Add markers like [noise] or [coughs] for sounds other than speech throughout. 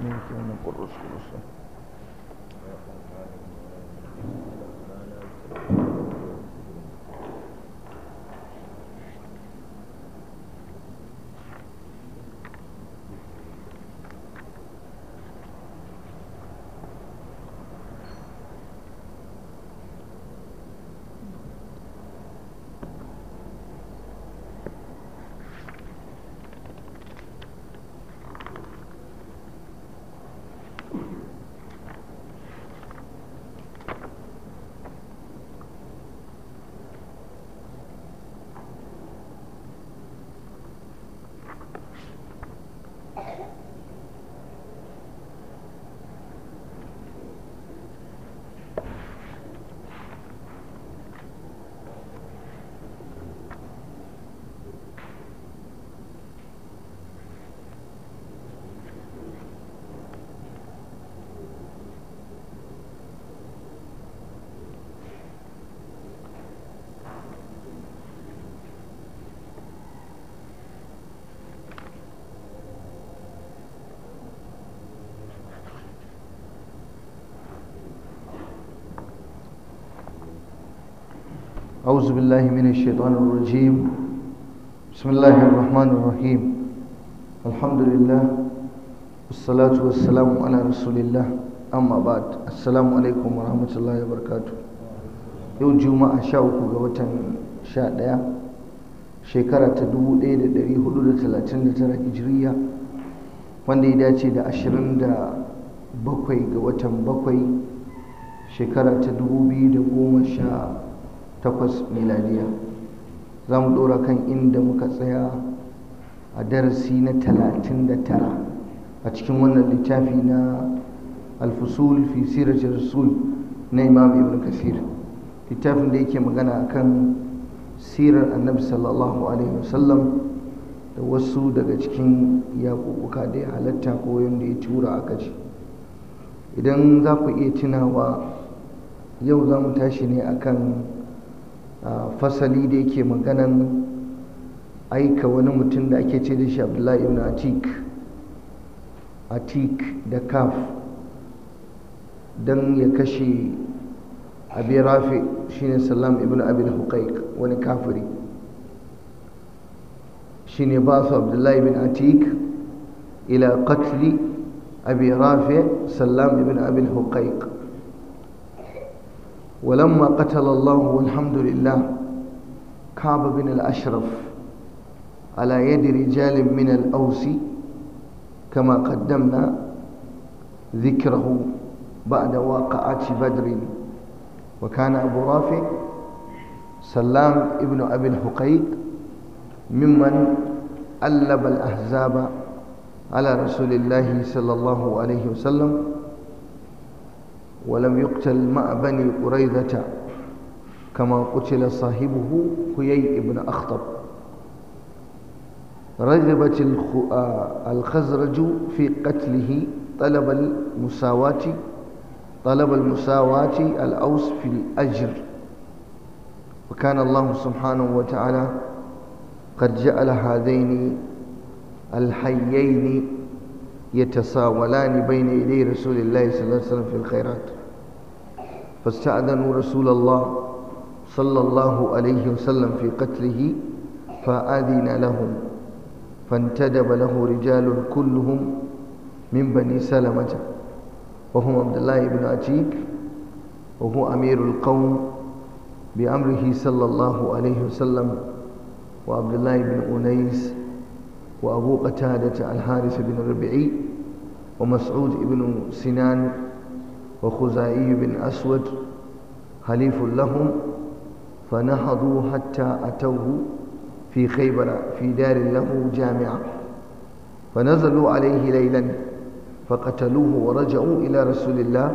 Негативно по-русски. أعوذ بالله من الشيطان الرجيم بسم الله الرحمن الرحيم الحمد لله والصلاة والسلام على رسول الله أما بعد السلام عليكم ورحمة الله وبركاته yau juma'a sha uku ga watan sha ɗaya shekara da ɗari hudu da da tara hijiriya wanda ya dace da ashirin da bakwai ga bakwai shekara ta da goma sha takwas miladiya za mu ɗora kan inda muka tsaya a darasi na talatin da tara a cikin wannan littafi na alfusul fi sirati rasul na imam ibn kasir littafin da yake magana kan sirar annabi sallallahu alaihi wasallam da wasu daga cikin yakukuka da ya halatta ko yadda ya tura aka ce idan za ku iya tunawa yau za mu tashi ne akan fasali da yake maganan aika wani mutum da ake ce da shi abdullahi ibn atik atik da kaf don ya kashe abi rafi shine salam ibn abin Huqaik, wani kafiri shine ba su abdullahi ibn atik ila qatli abi rafi salam ibn abin Huqaik. ولما قتل الله والحمد لله كعب بن الأشرف على يد رجال من الأوس كما قدمنا ذكره بعد واقعة بدر وكان أبو رافع سلام ابن أبي الحقيق ممن ألب الأحزاب على رسول الله صلى الله عليه وسلم ولم يقتل مع بني قريظة كما قتل صاحبه خيي بن أخطب رغبت آه، الخزرج في قتله طلب المساواة طلب المساواة الأوس في الأجر وكان الله سبحانه وتعالى قد جعل هذين الحيين يتساولان بين يدي رسول الله صلى الله عليه وسلم في الخيرات فاستأذنوا رسول الله صلى الله عليه وسلم في قتله فأذن لهم فانتدب له رجال كلهم من بني سلمة وهم عبد الله بن عتيك وهو أمير القوم بأمره صلى الله عليه وسلم وعبد الله بن أنيس وأبو قتادة الحارث بن الربعي ومسعود بن سنان وخزائي بن أسود حليف لهم فنهضوا حتى أتوه في خيبر في دار له جامعة فنزلوا عليه ليلا فقتلوه ورجعوا إلى رسول الله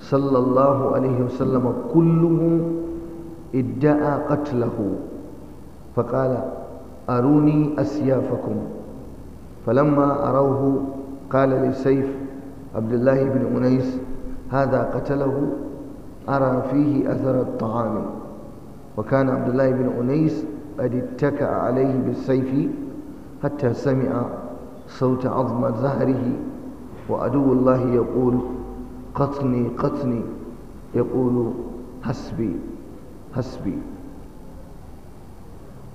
صلى الله عليه وسلم كلهم ادعى قتله فقال أروني أسيافكم فلما أروه قال لسيف عبد الله بن أنيس هذا قتله أرى فيه أثر الطعام وكان عبد الله بن أنيس قد اتكأ عليه بالسيف حتى سمع صوت عظم زهره وعدو الله يقول قطني قطني يقول حسبي حسبي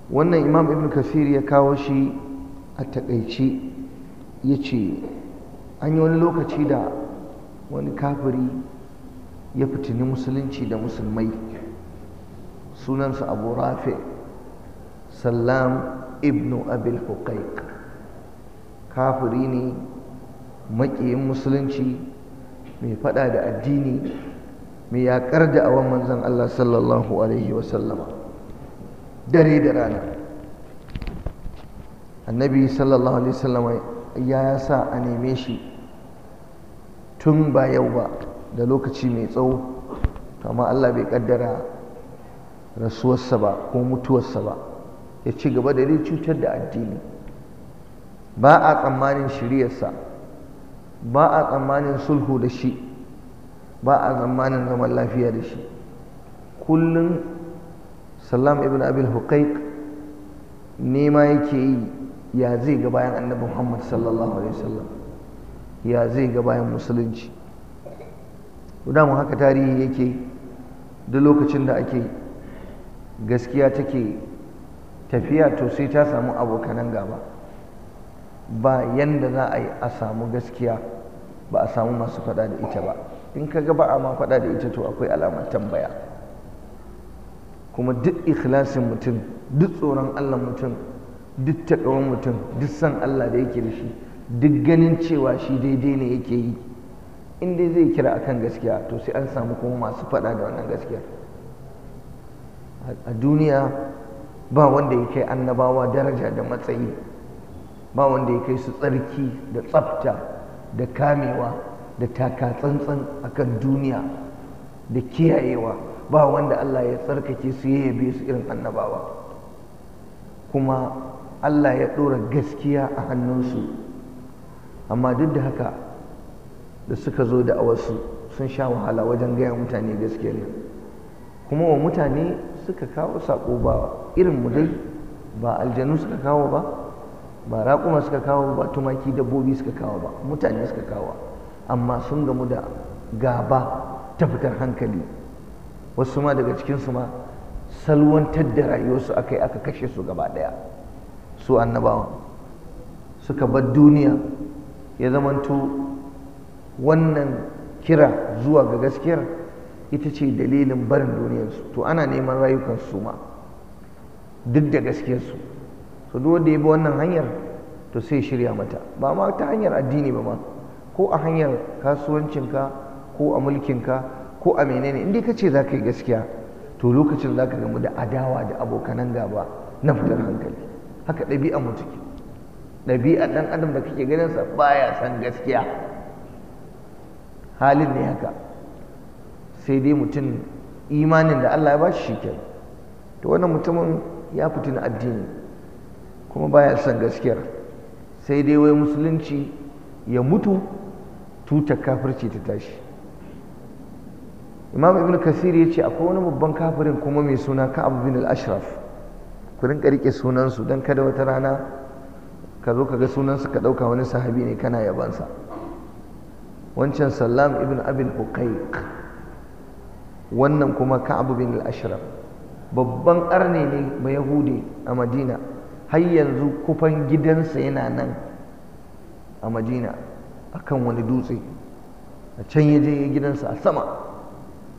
wannan imam ibn kasir ya kawo shi a takaici ya ce an yi wani lokaci da wani kafiri ya fitini musulunci da musulmai sunansa abu rafi sallam ibn abil huqaiq kafiri ne maƙiyin musulunci mai fada da addini mai yaƙar da awan manzan allah sallallahu alaihi wasallama dare da rana annabi sallallahu alaihi wasallam ya sa a neme shi tun ba yau ba da lokaci mai tsawo amma Allah bai kaddara rasuwarsa ba ko mutuwarsa ba ya ci gaba da dai cutar da addini ba a tsammanin shiryarsa ba a tsammanin sulhu da shi ba a tsammanin zaman lafiya da shi kullum sallam ibn abil huqaiq nema yake yi ya zai ga bayan annabi muhammad sallallahu alaihi wasallam ya zai ga bayan musulunci mu haka tarihi yake duk lokacin da ake gaskiya take tafiya to sai ta samu abokanan gaba ba yanda za a yi a samu gaskiya ba a samu masu faɗa da ita ba in ka ga ba a ma faɗa da ita to akwai alamar tambaya kuma duk ikhlasin mutum duk tsoron Allah mutum duk taƙawan mutum duk san Allah da yake da shi duk ganin cewa shi daidai ne yake yi in dai zai kira a kan gaskiya to sai an samu kuma masu faɗa da wannan gaskiya. a duniya ba wanda ya kai annabawa daraja da matsayi ba wanda ya kai su tsarki da tsafta da kamewa da taka takatsantsan akan duniya da kiyayewa ba wanda Allah ya tsarkake su ya yabe su irin annabawa kuma Allah ya ɗora gaskiya a hannunsu amma duk da haka da suka zo da awarsu sun sha wahala wajen gaya mutane gaskiyar nan kuma wa mutane suka kawo saƙo ba irin mu dai ba aljanu suka kawo ba ba raƙuma suka kawo ba tumaki dabbobi suka kawo ba mutane suka kawo amma sun gamu da gaba ta fitar hankali wasu ma daga cikinsu ma salwantar da rayuwarsu aka yi aka kashe su gaba ɗaya su annabawa suka bar duniya ya zamanto wannan kira zuwa ga gaskiyar ita ce dalilin barin duniyarsu to ana neman rayukansu ma duk da gaskiyarsu su duk wanda ya bi wannan hanyar to sai shirya mata ba ma ta hanyar addini ba ma ko a hanyar kasuwancinka ko a mulkinka ko a menene in dai ka ce za ka yi gaskiya to lokacin za ka gamu da adawa da abokanan gaba na fitar hankali haka ɗabi'a mu take ɗabi'a ɗan adam da kake ganinsa baya san gaskiya halin ne haka sai dai mutum imanin da Allah ya ba shi shi to wannan mutumin ya fitina addini kuma baya son gaskiyar sai dai wai musulunci ya mutu tutar kafirci ta tashi imam ibn kasir ya ce akwai wani babban kafirin kuma mai suna ka abu bin al-ashraf ku rinka rike sunansu don kada wata rana ka zo ka ga sunansu ka ɗauka wani sahabi ne kana yabansa wancan sallam ibn abin uqaiq wannan kuma ka abu bin al babban ƙarni ne mai yahudi a madina har yanzu kufan gidansa yana nan a madina akan wani dutse a can ya je gidansa a sama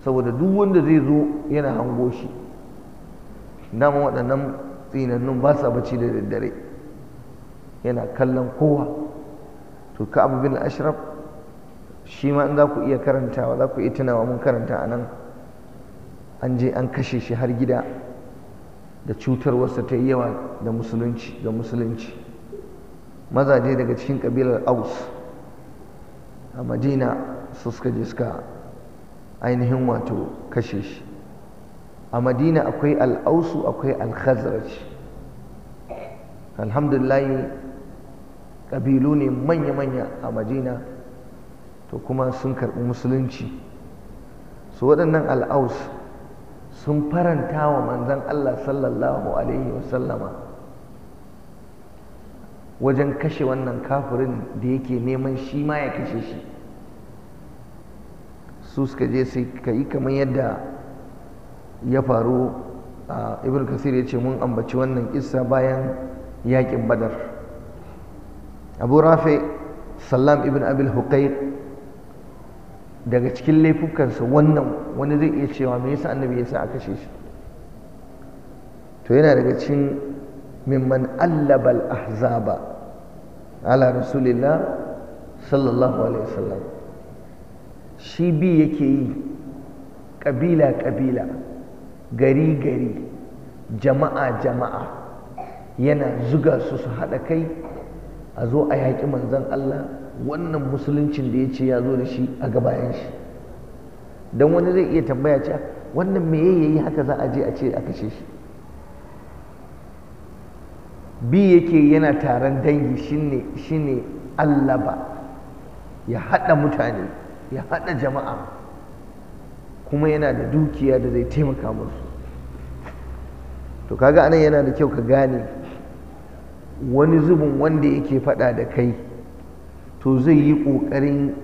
saboda duk wanda zai zo yana hango shi dama waɗannan tsinannun ba sa bacci da daddare yana kallon kowa to ka abu bin ashraf shi ma in za ku iya karantawa za ku iya tunawa mun karanta a nan an je an kashe shi har gida da cutarwarsa ta yi yawa da musulunci ga musulunci mazaje daga cikin kabilar aus a madina su suka je suka ainihin wato kashe shi a madina akwai al'ausu akwai al-khazraj alhamdulillah ƙabilu ne manya-manya a madina to kuma sun karɓi musulunci su waɗannan al'aus sun faranta wa manzan allah sallallahu alaihi wasallama wajen kashe wannan kafirin da yake neman shi ma ya kashe shi su suka je su yi kamar yadda ya faru a ibn kasir ya ce mun ambaci wannan kissa bayan yakin badar abu rafe sallam ibn abil hukai daga cikin laifukansa wannan wani zai iya cewa me yasa annabi yasa sa kashe shi to yana daga cikin mimman allabal ahzaba ala rasulillah sallallahu alaihi wasallam shi bi yake yi ƙabila-ƙabila gari-gari jama'a-jama'a yana zuga su su haɗa kai a zo a yaƙi manzan Allah wannan musuluncin da ya ce ya zo da shi a gabayan shi don wani zai iya tambaya cewa wannan me ya yi haka za a je a ce a kashe shi bi yake yana taron dangi shine shine Allah ba ya haɗa mutane ya haɗa jama'a kuma yana da dukiya da zai taimaka musu to kaga anan yana da kyau ka gane wani zubin wanda yake faɗa da kai to zai yi ƙoƙarin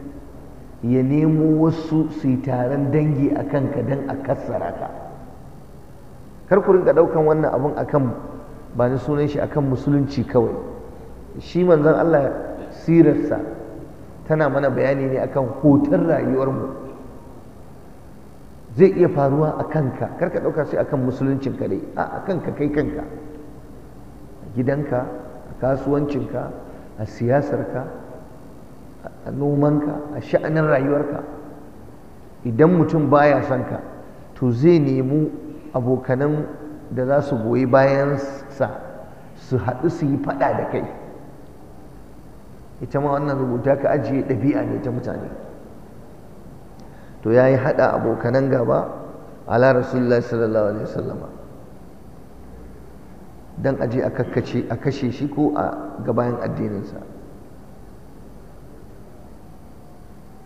ya nemo wasu su yi taron dangi a kanka don a kassara ka kar ku rinka ɗaukan wannan abin akan ba ni sunan shi akan musulunci kawai shi manzon Allah sirarsa tana mana bayani ne akan hutun rayuwarmu zai iya faruwa a kanka karka ɗauka sai akan musuluncin ka dai a kanka kai kanka a gidanka a kasuwancinka a siyasarka a nomanka a sha'anin rayuwarka idan mutum baya son ka to zai nemi abokanan da za su goyi bayansa su haɗu su yi faɗa da kai ita ma wannan rubuta ka ajiye ɗabi'a ne ta mutane to ya yi haɗa abokanan gaba ala rasulullah sallallahu alaihi wasallama don aje a kakkace a kashe shi ko a gabayan addininsa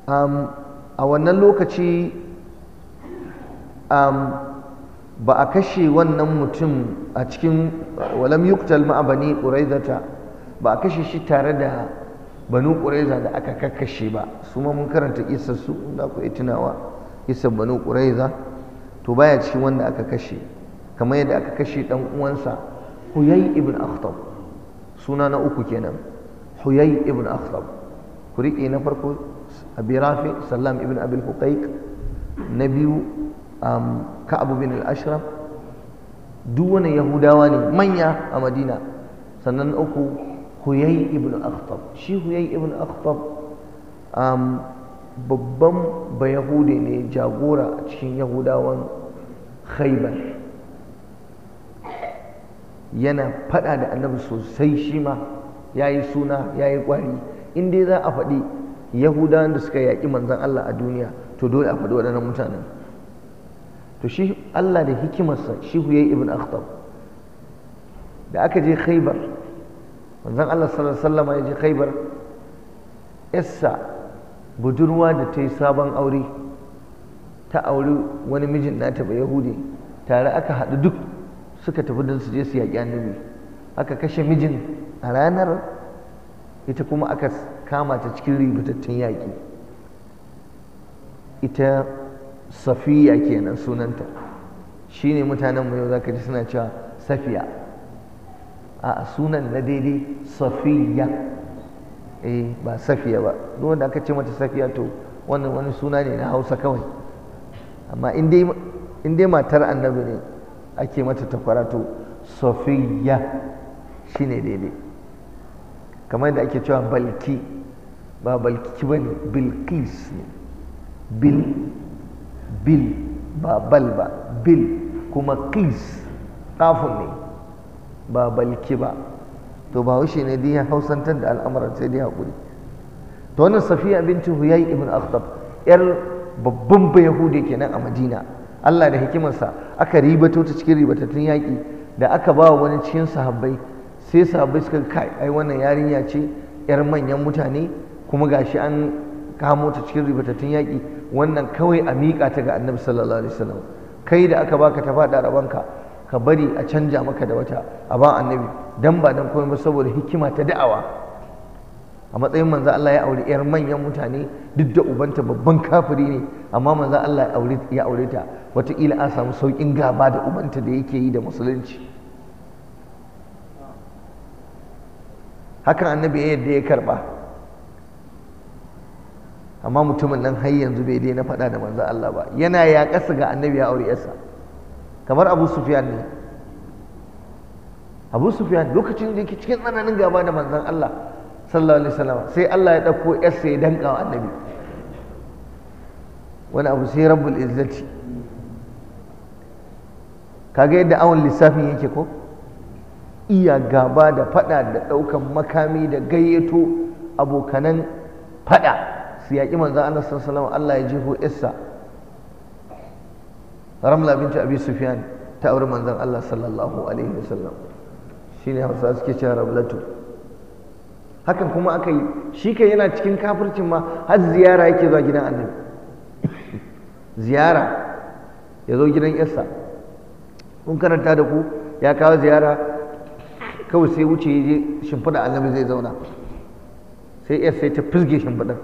a wannan lokaci ba a kashe wannan mutum a cikin walam yuktal ma'abani ƙuraidata ba a kashe shi tare da banu ƙuraiza da aka kakkashe ba su ma mun karanta isar su da ku tunawa isar banu ƙuraiza to baya ci wanda aka kashe kamar yadda aka kashe ɗan uwansa huyai ibn akhtab suna na uku kenan huyai ibn akhtab ku riƙe na farko abi rafi sallam ibn abil huqaiq na biyu ka'ab bin al-ashraf duk wani yahudawa ne manya a madina sannan uku huyai ibn akhtab shi huyai ibn akhtab um, babban bayahude ne jagora a cikin yahudawan khaibar yana fada da annabi sosai shi ma ya yi suna ya yi ƙwari in dai za a faɗi yahudawan da suka yaki manzan allah a duniya to dole a faɗi waɗannan mutanen to shi allah da hikimarsa shi huyai ibn akhtab da aka je khaibar Wanzan Allah sallallahu alaihi ya je Khaibar Issa budurwa da ta yi sabon aure ta auri wani mijin nata ba Yahudi tare aka haɗu duk suka tafi don su je su yaƙi annabi aka kashe mijin a ranar ita kuma aka kama ta cikin rubutattun yaƙi ita safiya kenan sunanta shine mutanen mu yau zaka ji suna cewa safiya a sunan na daidai safiya eh ba safiya ba duk wanda aka ce mata safiya to wannan wani suna ne na hausa kawai amma in dai matar annabi ne ake mata takwara to safiya shine daidai kamar yadda ake cewa balki ba balki ba ne bilkis ne bil bil ba bal ba bil kuma kis kafin ne ba balki ba to ba wushe ne diya hausantar da al'amuran sai dai hakuri to wannan safiya binti huyai ibn akhtab yar babban yahudi kenan a madina allah da hikimarsa aka ribato ta cikin ribatattun yaƙi da aka ba wani cikin sahabbai sai sahabbai suka kai ai wannan yarinya ce yar manyan mutane kuma gashi an kamo ta cikin ribatattun yaƙi wannan kawai a miƙa ta ga annabi sallallahu alaihi wasallam kai da aka baka ta faɗa rabanka ka bari a canja maka da wata a ba annabi dan ba dan komai ba saboda hikima ta da'awa a matsayin manzo Allah ya aure yar manyan mutane duk da ubanta babban kafiri ne amma manzo Allah ya aure ya aure ta wataƙila an samu sauƙin gaba da ubanta da yake yi da musulunci hakan annabi ya yadda ya karba amma mutumin nan har yanzu bai dai na faɗa da manzo Allah ba yana ya kasa ga annabi ya aure yarsa kamar abu sufiyan ne abu sufiyan lokacin da yake cikin tsananin gaba da manzan Allah sallallahu alaihi wasallam sai Allah ya ɗauko yarsa ya danka wa annabi wani abu sai rabbul izzati kaga yadda awon lissafin yake ko iya gaba da fada da ɗaukan makami da gayyato abokanan fada su yaƙi manzan Allah sallallahu alaihi wasallam Allah ya jefo yarsa ramla binti abi sufyan ta auri manzon Allah sallallahu alaihi wasallam shine hausa suke cewa ramlatu hakan kuma aka yi shi kai yana cikin kafircin ma har ziyara yake zuwa gidan annabi ziyara ya zo gidan yarsa kun karanta da ku ya kawo ziyara kawai sai wuce ya je shimfiɗa annabi zai zauna sai yarsa ta fizge shimfiɗar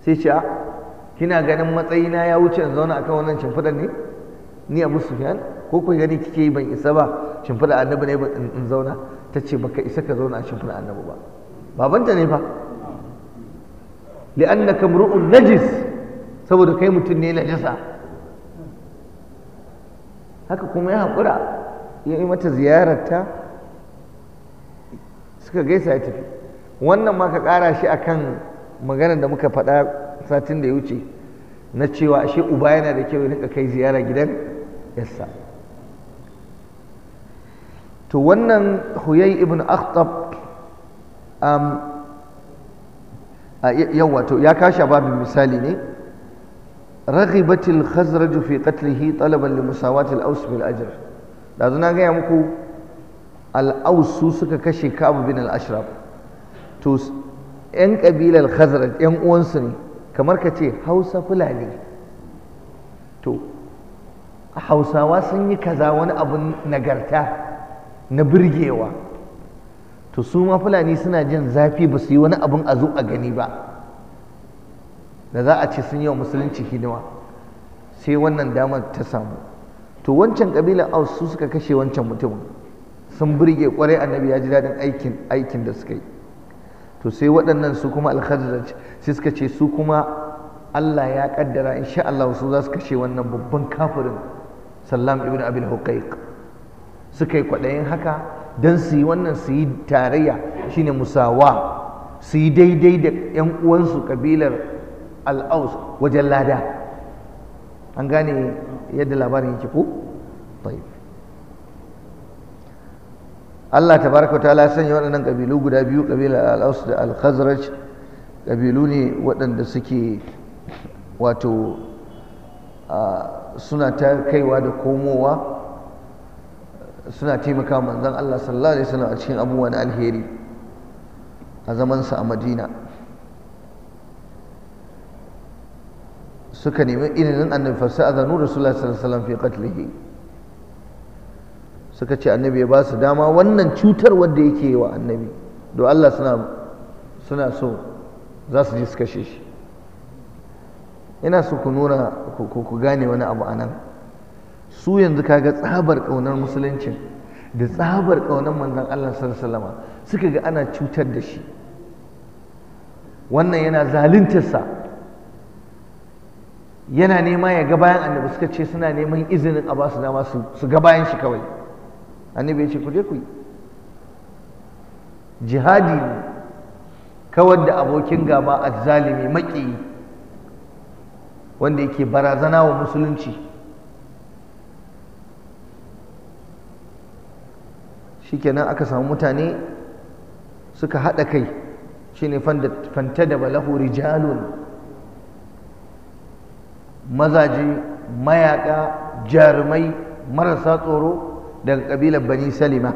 sai ce a kina ganin matsayina ya wuce in zauna akan wannan shimfiɗar ne ni abu sufyan ko ku gani kike yi ban isa ba shimfiɗar annabi ne in zauna ta ce baka isa ka zauna a shimfiɗar annabi ba babanta ne fa li'annaka mru'un najis saboda kai mutum ne najasa haka kuma ya haƙura ya yi mata ziyararta suka gaisa ya tafi wannan ma ka ƙara shi akan maganar da muka faɗa satin da ya wuce na cewa ashe uba yana da kyau ya rinka kai ziyara gidan yassa to wannan huyai ibn akhtab um, yawa wato ya kashe babu misali ne raghibatil khazraju fi qatlihi talaban li musawatil aus bil ajr da na gaya muku al su suka kashe kabu bin al-ashraf to 'yan ƙabilar khazraj 'yan uwansu ne kamar ka ce hausa fulani to hausawa sun yi kaza wani abin nagarta na birgewa to su ma fulani suna jin zafi ba su yi wani abin a zo a gani ba da za a ce sun yi wa musulunci hidima sai wannan damar ta samu to wancan ƙabilar aus su suka kashe wancan mutumin sun birge kwarai annabi ya ji daɗin aikin da suka yi to sai waɗannan su kuma al su sai suka ce su kuma Allah ya kaddara insha Allah su za su kashe wannan babban kafirin Sallam ibn Abil Huqaiq suka yi kwaɗayin haka don su yi wannan su yi tarayya shine musawa su yi daidai da ‘yan uwansu kabilar al'aus wajen lada an gane yadda labarin yake ko? Allah ta tabaraka ta'ala sanya waɗannan ƙabilu guda biyu ƙabilar al da al-Khazraj ƙabilu ne waɗanda suke wato suna ta kaiwa da komowa suna taimaka manzon Allah sallallahu alaihi wasallam a cikin abubuwa na alheri a zamansa a Madina suka nemi irin annabi fa sa'adanu rasulullahi sallallahu alaihi wasallam fi qatlihi suka ce annabi ya ba su dama wannan cutar wanda yake yi wa annabi don Allah suna so za su ji su kashe shi ina so ku nuna ku gane wani abu anan su yanzu kaga tsabar ƙaunar musuluncin da tsabar ƙaunar manzan Allah sallallahu suka ga ana cutar da shi wannan yana zaluntarsa yana nema ya ga bayan annabi suka ce suna neman izinin a ba su dama su ga bayan shi kawai annabi ya ce ku ku jihadi ne kawar da abokin gaba azzalimi maƙiyi wanda yake barazana wa musulunci shikenan aka samu mutane suka haɗa kai shine fanta da balahu rijalun mazaje mayaƙa jarumai marasa tsoro daga kabilar bani salima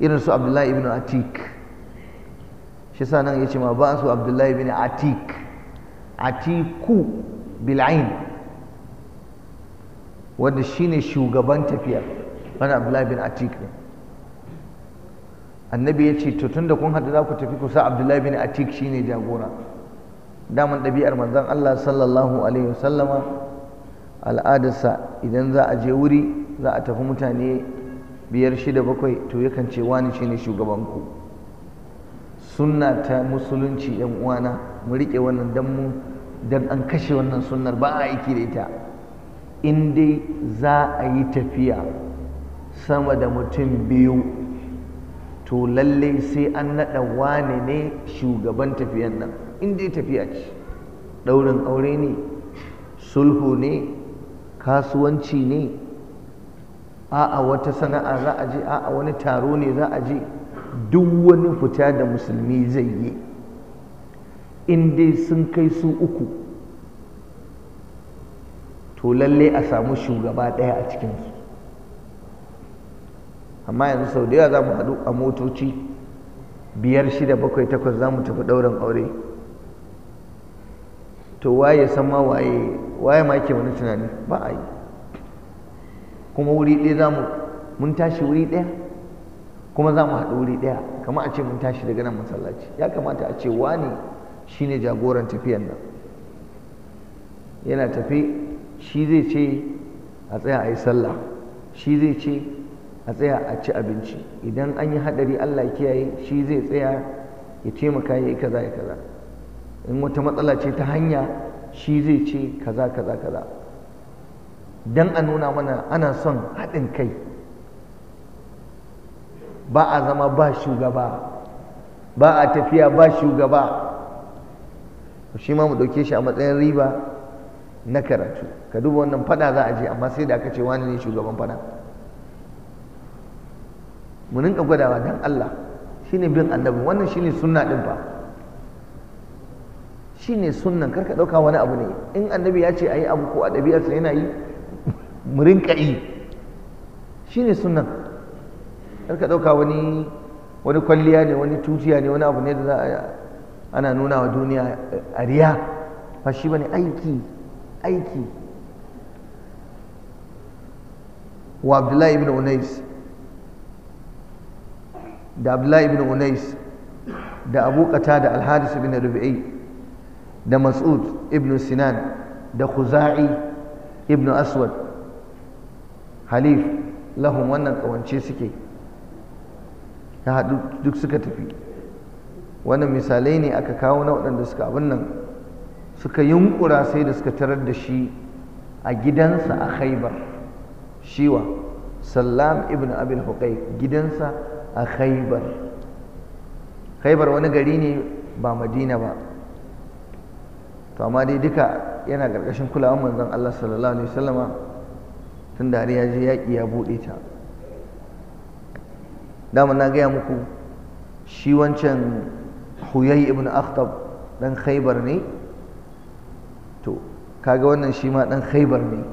irin su abdullahi ibn atik shi sa nan ya ce ma ba su abdullahi ibn atik atiku bil'ain wanda shine shugaban tafiya wani abdullahi ibn atik ne annabi ya ce to tunda kun haɗu za ku tafi ku sa abdullahi ibn atik shine jagora daman ɗabi'ar manzon Allah sallallahu alaihi wasallama al'adarsa idan za a je wuri za a tafi mutane biyar shida bakwai to yakan ce wani shine shugabanku sunna ta musulunci yan uwana mu riƙe wannan dan mu dan an kashe wannan sunnar ba a aiki da ita in dai za a yi tafiya sama da mutum biyu to lalle sai an naɗa wane ne shugaban tafiyan nan in dai tafiya ce ɗaurin aure ne sulhu ne kasuwanci ne a'a wata sana'a za a je a'a wani taro ne za a je duk wani fita da musulmi zai yi in dai sun kai su uku to lalle a samu shugaba ɗaya a cikinsu amma yanzu sau da yawa za mu haɗu a motoci biyar shida bakwai takwas za mu tafi ɗaurin aure to waye san waye waye ma ke wani tunani ba a yi kuma wuri ɗaya za mu mun tashi wuri ɗaya kuma za mu haɗu wuri ɗaya kamar a ce mun tashi daga nan masallaci ya kamata a ce wani ne jagoran tafiyan nan yana tafi shi zai ce a tsaya a yi sallah shi zai ce a tsaya a ci abinci idan an yi haɗari allah kiyaye shi zai tsaya ya taimaka ya yi kaza ya kaza in wata matsala ce ta hanya shi zai ce kaza kaza kaza don a nuna mana ana son haɗin kai ba a zama ba shugaba ba a tafiya ba shugaba shi ma mu ɗauke shi a matsayin riba na karatu ka duba wannan fada za a je amma sai da aka ce wani ne shugaban fada mu rinka gwadawa don Allah Shi ne bin annabi wannan shi ne sunna din fa ne sunnan karka ɗauka wani abu ne in annabi ya ce a yi abu ko a ɗabi'arsa yana yi mu rinka yi shine sunnan ka ɗauka wani wani kwalliya ne wani tuciya ne wani abu ne da za a ana nuna wa duniya a riya ba shi ne aiki aiki wa abdullahi ibn unais da abdullahi ibn unais da abu da alhadis ibn rubi'i da mas'ud ibn sinan da khuza'i ibn aswad halif lahum wannan kawance suke ya haɗu duk suka tafi wannan misalai ne aka kawo na waɗanda suka abin nan suka yunkura sai da suka tarar da shi a gidansa a khaibar shiwa sallam ibn abil hukai gidansa a khaibar khaibar wani gari ne ba madina ba to amma dai duka yana ƙarƙashin kulawar manzon allah sallallahu alaihi wasallama tun da ya je yaƙi ya buɗe ta dama na gaya muku shi wancan Huyayi ibn akhtab ɗan khaibar ne to kaga wannan shi ma ɗan khaibar ne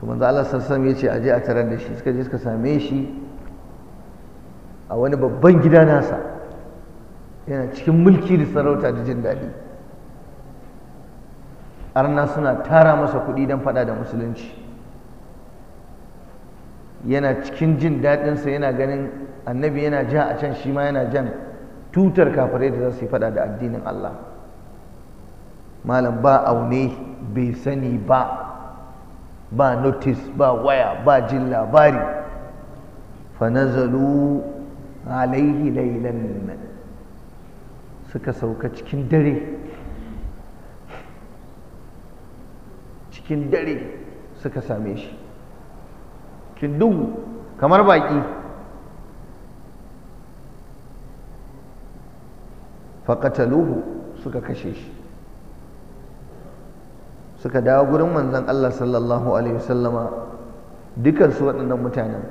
to manzo Allah sallallahu ya ce aje a tarar da shi suka je suka same shi a wani babban gida nasa yana cikin mulki da sarauta da jin daɗi arna suna tara masa kuɗi don faɗa da musulunci yana cikin jin daɗinsa yana ganin annabi yana ja a can shi ma yana jan tutar kafirai da za su yi faɗa da addinin Allah malam ba aune bai sani ba ba notice ba waya ba jin labari fanazalu alaihi lailan suka sauka cikin dare cikin dare suka same shi cikin duhu kamar baƙi faƙataluhu suka kashe shi suka dawo gurin manzon Allah sallallahu alaihi wasallama su waɗannan mutanen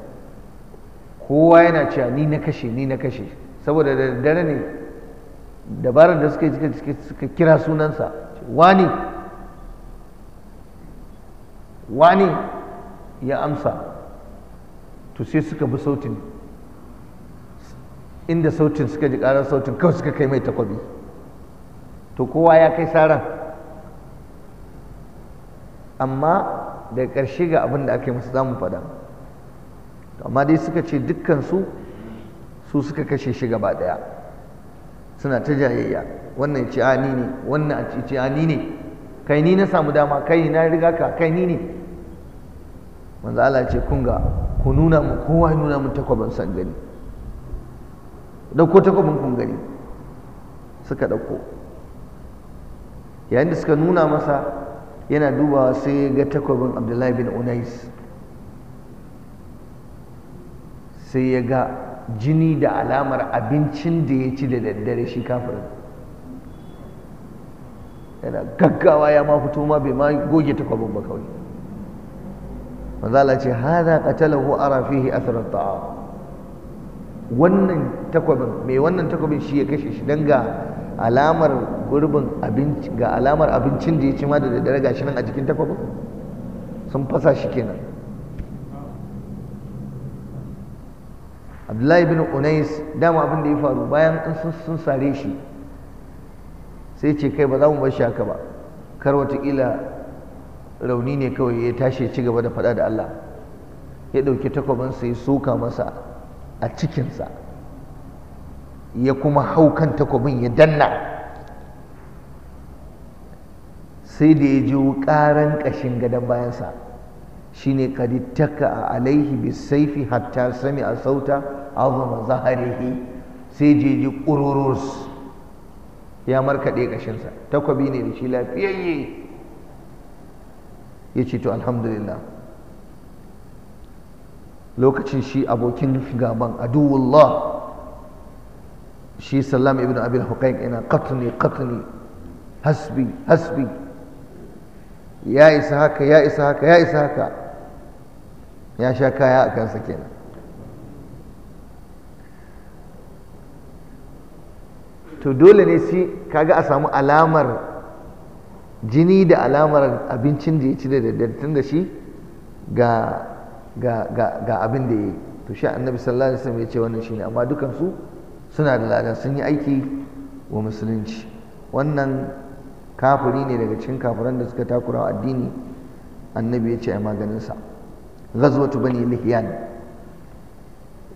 kowa yana cewa ni na kashe ni na kashe saboda da dare ne dabarar da suka suka kira sunansa wani wani ya amsa to sai suka bi sautin inda sautin suka ji karar sautin kawai suka kai mai takwabi to kowa ya kai saran amma da ƙarshe ga abin da aka yi masa zamu faɗa amma dai suka ce dukkansu su suka kashe shi gaba ɗaya suna ta jayayya wannan ce ani ne wannan a ce a ne kai ni na samu dama kai na riga ka kai ni ne manzo Allah ce kun ga ku nuna mu kowa ya nuna mun ban san gani dauko takwaban kun gani suka dauko yayin da suka nuna masa yana dubawa sai ya ga takwabin abdullahi bin unais sai ya ga jini da alamar abincin da ya ci da daddare shi kafirin yana gaggawa ya ma fito ma bai ma goge takwabin ba kawai Allah ce haza qatalahu ara fihi athar taam wannan takwabin mai wannan takwabin shi ya kashe shi dan ga alamar gurbin abinci ga alamar abincin da ya ci ma da daddare gashi nan a cikin takwabin sun fasa shi kenan abdullahi bin unais dama abin da ya faru bayan sun sare shi sai ce kai ba za mu bar shi haka ba kar watakila rauni ne kawai ya tashi ci gaba da faɗa da Allah ya ɗauki takwabinsa ya soka masa a cikinsa ya kuma hau kan takwabin ya danna sai da ya ji ƙaran ƙashin gadon bayansa shine kadi taka a alaihi saifi, hatta sami a sauta azuma zaharihi sai je ji ƙururus ya markaɗe ƙashinsa takwabi ne da shi lafiyayye ya ce to alhamdulillah lokacin shi abokin gaban aduwullah shi sallam ibn abil hukain ina qatni qatni hasbi hasbi ya isa haka ya isa haka ya isa haka ya sha kaya a kansa kenan to dole ne shi kaga a samu alamar jini da alamar abincin da ya ci da daddare da shi ga abin da ya yi to shi annabi sallallahu alaihi wasallam ya ce wannan shine amma dukansu suna da lada sun yi aiki wa musulunci wannan kafiri ne daga cikin kafiran da suka takura wa addini annabi ya ce a maganinsa ghazwatu bani lihyan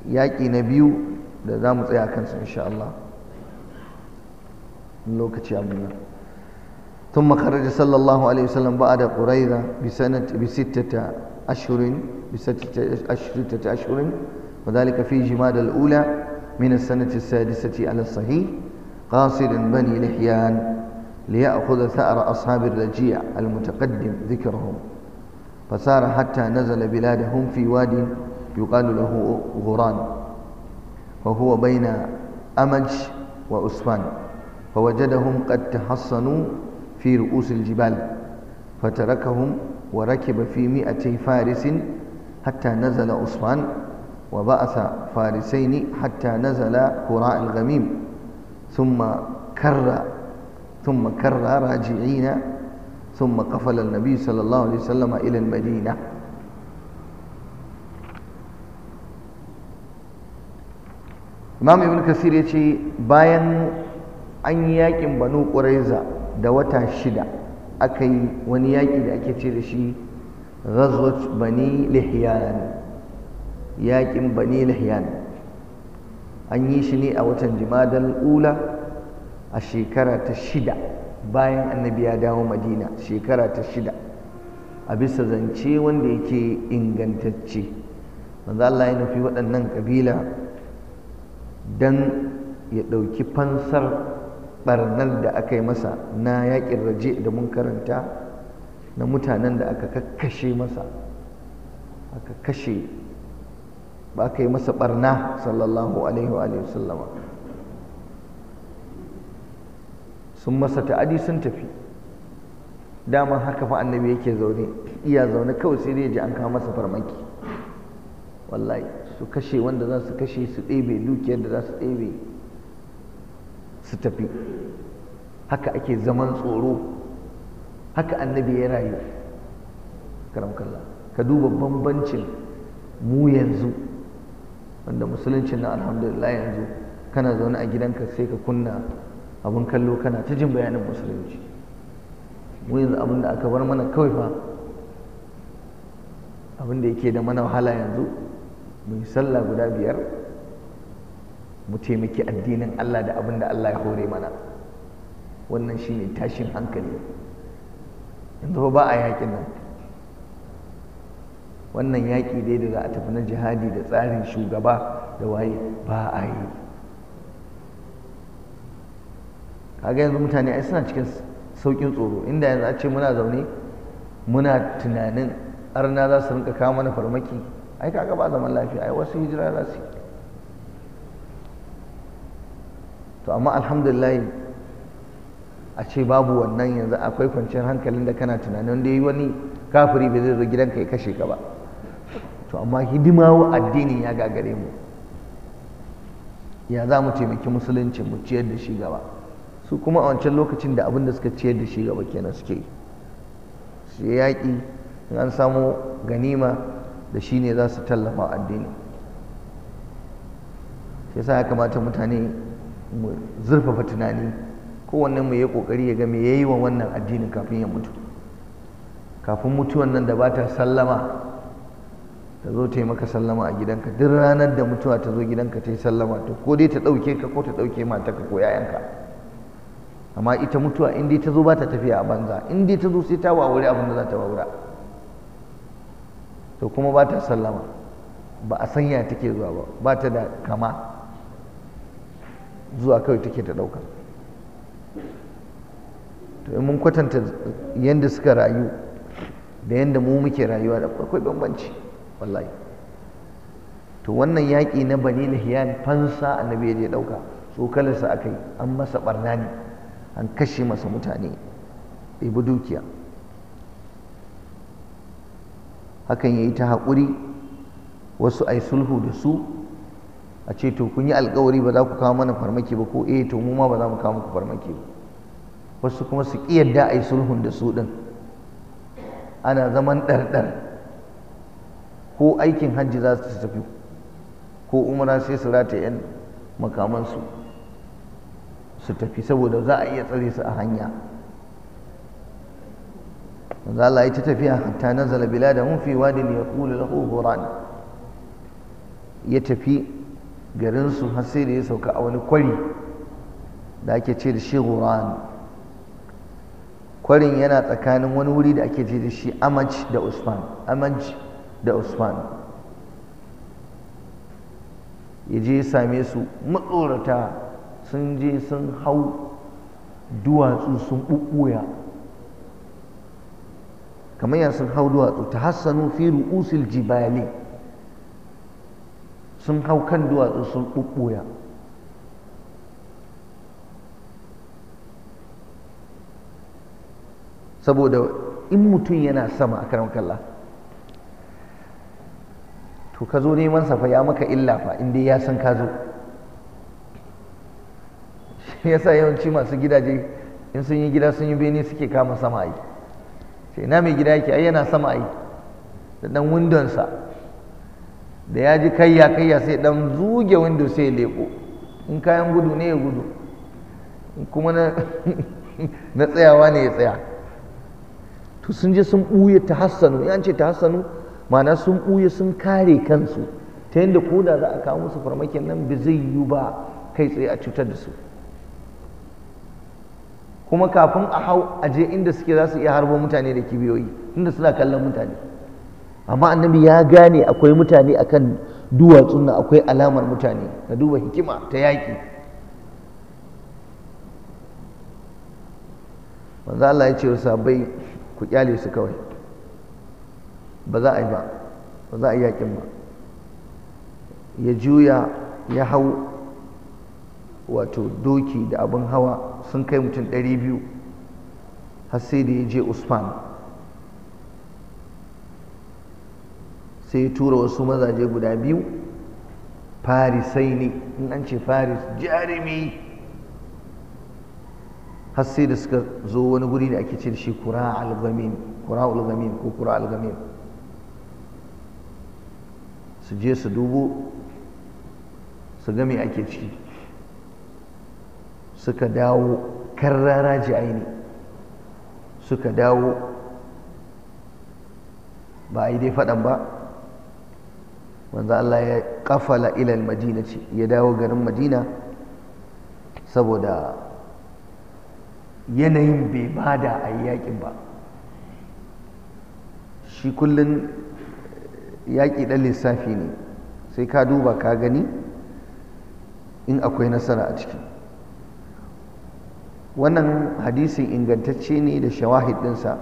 Yaki na biyu da za mu tsaya kansu insha Allah lokaci abu ثم خرج صلى الله عليه وسلم بعد قريظة بسنة بستة أشهر بستة أشهر أشهر وذلك في جماد الأولى من السنة السادسة على الصحيح قاصر بني لحيان ليأخذ ثأر أصحاب الرجيع المتقدم ذكرهم فسار حتى نزل بلادهم في واد يقال له غران وهو بين أمج وأسفان فوجدهم قد تحصنوا fi ru'usil jibal fatarakahum wa rakiba fi mi'ati farisin hatta nazala usman wa ba'asa farisaini hatta nazala qura al-ghamim thumma karra ثم كر راجعين ثم قفل النبي صلى الله عليه وسلم إلى imam ibn kasir ya ce bayan an yakin banu ƙuraiza da wata shida aka yi wani yaƙi da ake ce da shi ghazwat bani lihyan yaƙin bani lihyan an yi shi ne a watan Dan ula a shekara ta shida bayan annabi ya dawo madina shekara ta shida a bisa zance wanda yake ingantacce manzo Allah ya nufi waɗannan ƙabila don ya ɗauki fansar barnar da aka yi masa na yaƙin raje da mun karanta na mutanen da aka kakkashe masa aka kashe ba aka yi masa barna sallallahu alaihi wa sallama sun masa ta'adi sun tafi dama haka fa annabi yake zaune iya zaune kawai sai dai ji an kawo masa farmaki wallahi su kashe wanda za su kashe su ɗebe dukiyar da za su ɗebe su tafi haka ake zaman tsoro haka annabi ya rayu karamkalla ka duba bambancin mu yanzu wanda musuluncin na alhamdulillah yanzu kana zaune a gidanka sai ka kunna abin kallo kana ta jin bayanin musulunci mu yanzu abin da aka bar mana kawai fa abin da yake da mana wahala yanzu mai sallah guda biyar mu taimaki addinin Allah da abin da Allah ya hore mana wannan shine tashin hankali yanzu ba a yakin nan wannan yaƙi dai da za a tafi na jihadi da tsarin shugaba da waye ba a yi kaga yanzu mutane ai suna cikin sauƙin tsoro inda yanzu a ce muna zaune muna tunanin arna za su rinka kawo mana farmaki ai kaga ba zaman lafiya ai wasu hijira za su yi to amma alhamdulillah a ce babu wannan yanzu akwai kwanciyar hankalin da kana tunanin wanda yi wani kafiri bai zai zo gidanka ya kashe ka ba to amma hidima wa addini ya gagare mu ya za mu taimaki musulunci mu ciyar da shi gaba su kuma a wancan lokacin da abin da suka ciyar da shi gaba kenan suke su yaƙi in an samu ganima da shi ne za su tallafa addini shi yasa ya kamata mutane mu zurfafa tunani kowanne mu yi kokari ya ga me yayi wa wannan addinin kafin ya mutu kafin mutuwan nan da ba ta sallama ta zo ta yi maka sallama a gidanka duk ranar da mutuwa ta zo gidanka ta yi sallama to ko dai ta ɗauke ka ko ta ɗauke mataka ko yayanka amma ita mutuwa in dai ta zo ba ta tafiya a banza in dai ta zo sai ta wawure abin da za ta wawura to kuma ba ta sallama ba a sanya take zuwa ba ba ta da kama zuwa kawai take ta ɗauka to mun kwatanta yadda suka rayu da yadda mu muke rayuwa da akwai bambanci wallahi to wannan yaƙi na bani hiyan fansa annabi ya je ɗauka tsokalarsa aka yi an masa ɓarna ne an kashe masa mutane bi dukiya hakan ya yi ta hakuri wasu ai sulhu da su a ce to kun yi alkawari ba za ku kawo mana farmaki ba ko eh to mu ma ba za mu kawo muku farmaki ba wasu kuma su ki yadda a yi sulhun da su ɗin ana zaman ɗarɗar ko aikin hajji za su tafi ko umara sai su rata 'yan makamansu su tafi saboda za a iya tsare su a hanya za Allah ya ta tafiya hatta nazala biladan fi wadin yaqulu lahu huran ya tafi garinsu har sai da ya sauka a wani kwari da ake ce da shi ghuran kwarin yana tsakanin wani wuri da ake ce da shi amaj da usman amaj da usman ya je same su matsorata sun je sun hau duwatsu sun ɓuɓɓuya kamar ya sun hau duwatsu ta hassanu fi ru'usil jibali sun hau kan duwatsu sun ɓuɓɓuya saboda in mutum yana sama a karan kalla to ka zo neman safa ya maka illa fa inda ya san ka zo shi yasa yawanci masu gidaje in sun yi gida sun yi bene suke kama sama yi sai na mai gida yake ai yana sama yi da dan windonsa da ya ji kayya kayya sai dan zuge window sai leko in kayan gudu ne ya gudu kuma [laughs] na tsayawa ne ya tsaya to sun je sun buye ta hassanu ya ce ta hassanu ma'ana sun buye sun kare kansu ta yadda ko da za a kawo musu farmakin nan bi zai yiwu ba kai tsaye a cutar da su kuma kafin a hau a je inda suke za su iya harbo mutane da kibiyoyi inda suna kallon mutane amma annabi ya gane akwai mutane akan duwatsun nan akwai alamar mutane ka duba hikima ta yaƙi manzo Allah ya ce wa sabai ku kyale su kawai ba za a yi ba ba za a yi yaƙin ba ya juya ya hau wato doki da abin hawa sun kai mutum ɗari biyu har sai da ya je usman sai ya tura wasu mazaje guda biyu farisai ne in an ce faris jarimi har sai da suka zo wani guri da ake ce da shi kura algamin kura algamin ko kura algamin su je su dubo su ga me ake ciki suka dawo karrara ji aini suka dawo ba a yi dai faɗan ba manzo Allah ya kafala ilal madina ce ya dawo garin madina saboda yanayin bai bada a yakin ba shi kullum yaƙi ɗan lissafi ne sai ka duba ka gani in akwai nasara a ciki wannan hadisin ingantacce ne da shawahid ɗinsa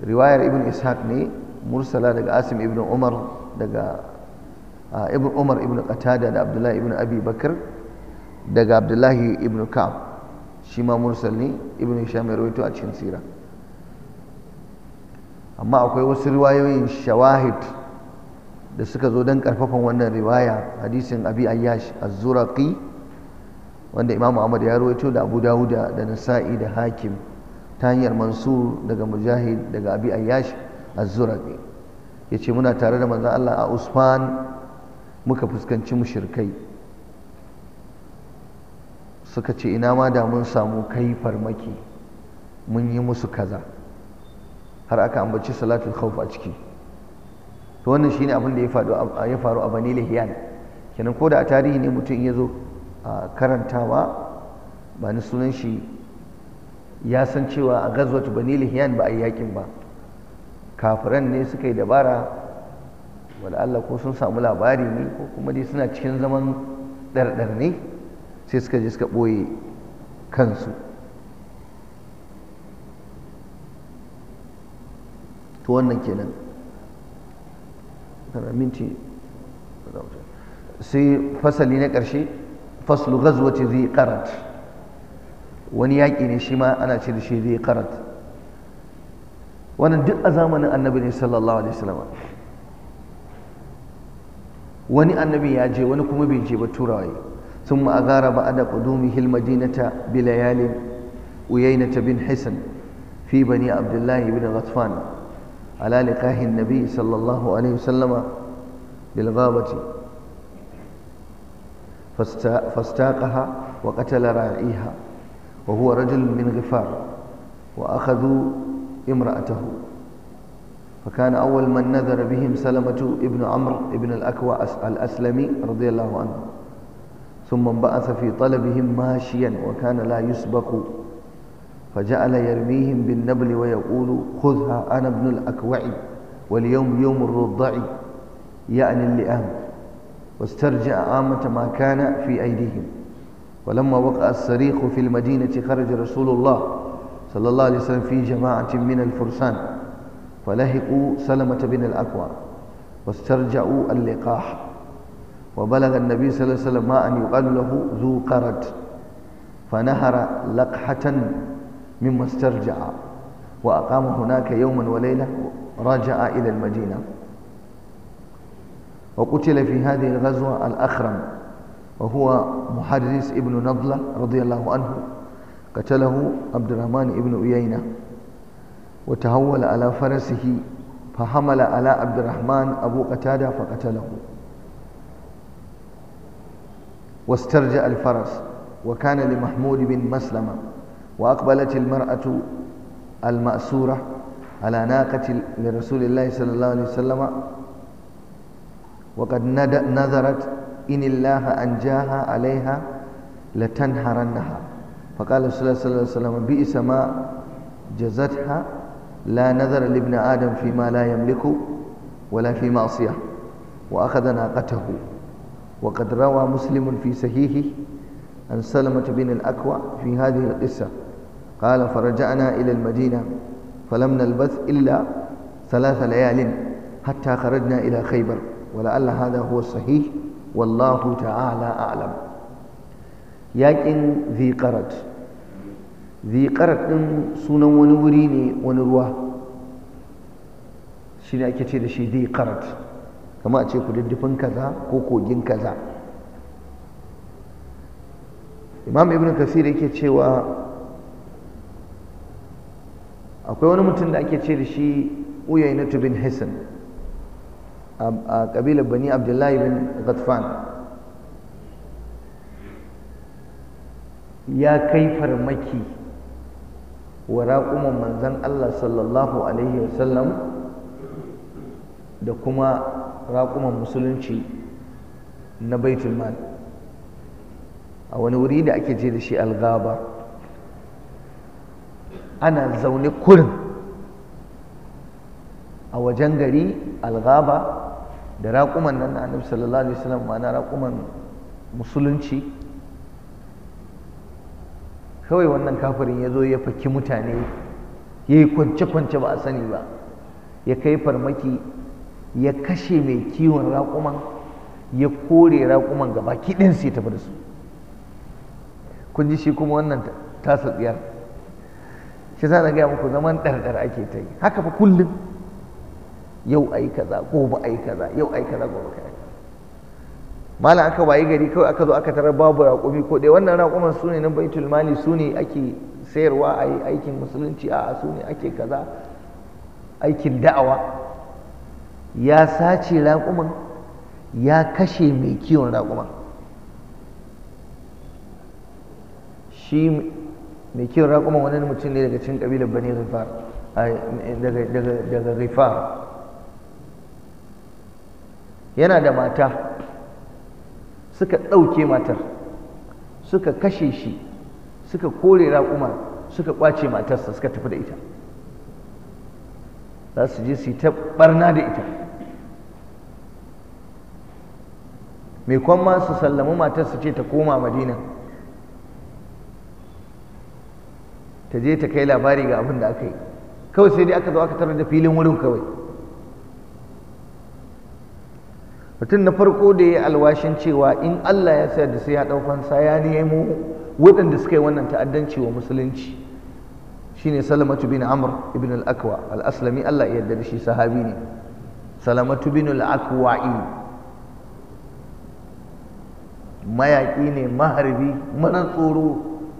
riwayar ibn ishaq ne mursala daga asim ibn umar daga ibn umar ibn qatada da abdullahi ibn abi daga abdullahi ibn ka'ab shi ma mursal ne ibn hisham ya rawaito a cikin sira amma akwai wasu riwayoyin shawahid da suka zo don karfafan wannan riwaya hadisin abi ayyash az-zuraqi wanda imamu ahmad ya rawaito da abu dawuda da nasa'i da hakim ta hanyar mansur daga mujahid daga abi ayyash az-zuraqi yace muna tare da manzon Allah a Usman muka fuskanci mushirkai suka ce ina ma da mun samu kai farmaki mun yi musu kaza har aka ambaci salatul khawf a ciki to wannan shine abin da ya faru a bani lihiyan kenan ko da a tarihi ne mutum ya zo a karantawa ba ni sunan shi ya san cewa a gazwatu bani lihiyan ba a yakin ba kafiran ne suka yi dabara wala Allah ko sun samu labari ne ko kuma dai suna cikin zaman ɗarɗar ne sai suka je suka ɓoye kansu to wannan kenan kana minti sai fasali na ƙarshe faslu ghazwati zai karat wani yaƙi ne shi ma ana ce da shi zai karat wannan duk a zamanin annabi ne sallallahu alaihi wasallam wani annabi ya je wani kuma bai je ba turawaye ثم أغار بعد قدومه المدينة بليال أيينة بن حسن في بني عبد الله بن غطفان على لقاه النبي صلى الله عليه وسلم بالغابة فاستاقها وقتل راعيها وهو رجل من غفار وأخذوا امرأته فكان أول من نذر بهم سلمة ابن عمرو ابن الأكوى الأسلمي رضي الله عنه ثم انبعث في طلبهم ماشيا وكان لا يسبق فجعل يرميهم بالنبل ويقول خذها أنا ابن الأكوع واليوم يوم الرضع يعني اللئام واسترجع عامة ما كان في أيديهم ولما وقع الصريخ في المدينة خرج رسول الله صلى الله عليه وسلم في جماعة من الفرسان فلهقوا سلمة بن الأكوى واسترجعوا اللقاح وبلغ النبي صلى الله عليه وسلم ما أن يقال له ذو قرد فنهر لقحة مما استرجع وأقام هناك يوما وليلة رجع إلى المدينة وقتل في هذه الغزوة الأخرم وهو محرس ابن نضلة رضي الله عنه قتله عبد الرحمن ابن أيينة وتهول على فرسه فحمل على عبد الرحمن أبو قتادة فقتله واسترجع الفرس وكان لمحمود بن مسلمة وأقبلت المرأة المأسورة على ناقة لرسول الله صلى الله عليه وسلم وقد نذرت إن الله أنجاها عليها لتنهرنها فقال رسول الله صلى الله عليه وسلم بئس ما جزتها لا نذر لابن آدم فيما لا يملك ولا في معصية وأخذ ناقته وقد روى مسلم في صحيحه عن سلمة بن الأكوع في هذه القصة قال فرجعنا إلى المدينة فلم نلبث إلا ثلاث ليال حتى خرجنا إلى خيبر ولعل هذا هو الصحيح والله تعالى أعلم يقين ذي قرد ziƙarar ɗin sunan wani wuri ne wani ruwa shi ne ake ce da shi ziƙarar kama a ce kududdufin kaza ko kogin kaza imam ibn kasir yake cewa akwai wani mutum da ake ce da shi na Tubin hessen a ƙabilar bani abdullahi bin ghatfan ya kai farmaki wa raƙuman manzan Allah sallallahu alaihi wasallam da kuma raƙuman musulunci na baitul mal a wani wuri da ake ce da shi algaba ana zaune kurin a wajen gari algaba da raƙuman nan na sallallahu alaihi wasallam ma'ana raƙuman musulunci kawai wannan kafirin ya zo ya faki mutane ya yi kwance-kwance ba a sani ba ya kai farmaki ya kashe mai kiwon raƙuman ya kore raƙuman ga gaba ɗinsu ya tafi da su kun ji shi kuma wannan tasa tsiyar shi sa na gaya muku zaman ɗarɗar ake ta yi haka fa kullum yau yi kaza gobe yi kaza yau yi kaza gobe kaza malam aka wayi gari kawai aka zo aka tarar babu raƙumi ko dai wannan raƙuman su ne na baitul mali su ne ake sayarwa a yi aikin musulunci a su ne ake kaza aikin da'awa ya sace raƙuman ya kashe mai kiwon raƙuman shi mai kiwon raƙuman wani mutum ne daga cikin ƙabilar bani rifar daga rifar yana da mata suka ɗauke matar suka kashe shi suka kore raƙuma suka ƙwace matarsa suka tafi da ita za su je su yi ta ɓarna da ita mai kwan su sallamu matarsa ce ta koma madina ta je ta kai labari ga abin da aka yi kawai sai dai aka zo aka tarar da filin wurin kawai mutum na farko da ya yi alwashin cewa in Allah ya sayar da sai ya ɗau ya nemo waɗanda suka yi wannan ta'addanci wa musulunci shine salamatu bin amr ibn al-akwa al Allah ya yarda da shi sahabi ne salamatu bin al-akwa'i mayaƙi ne maharbi mana tsoro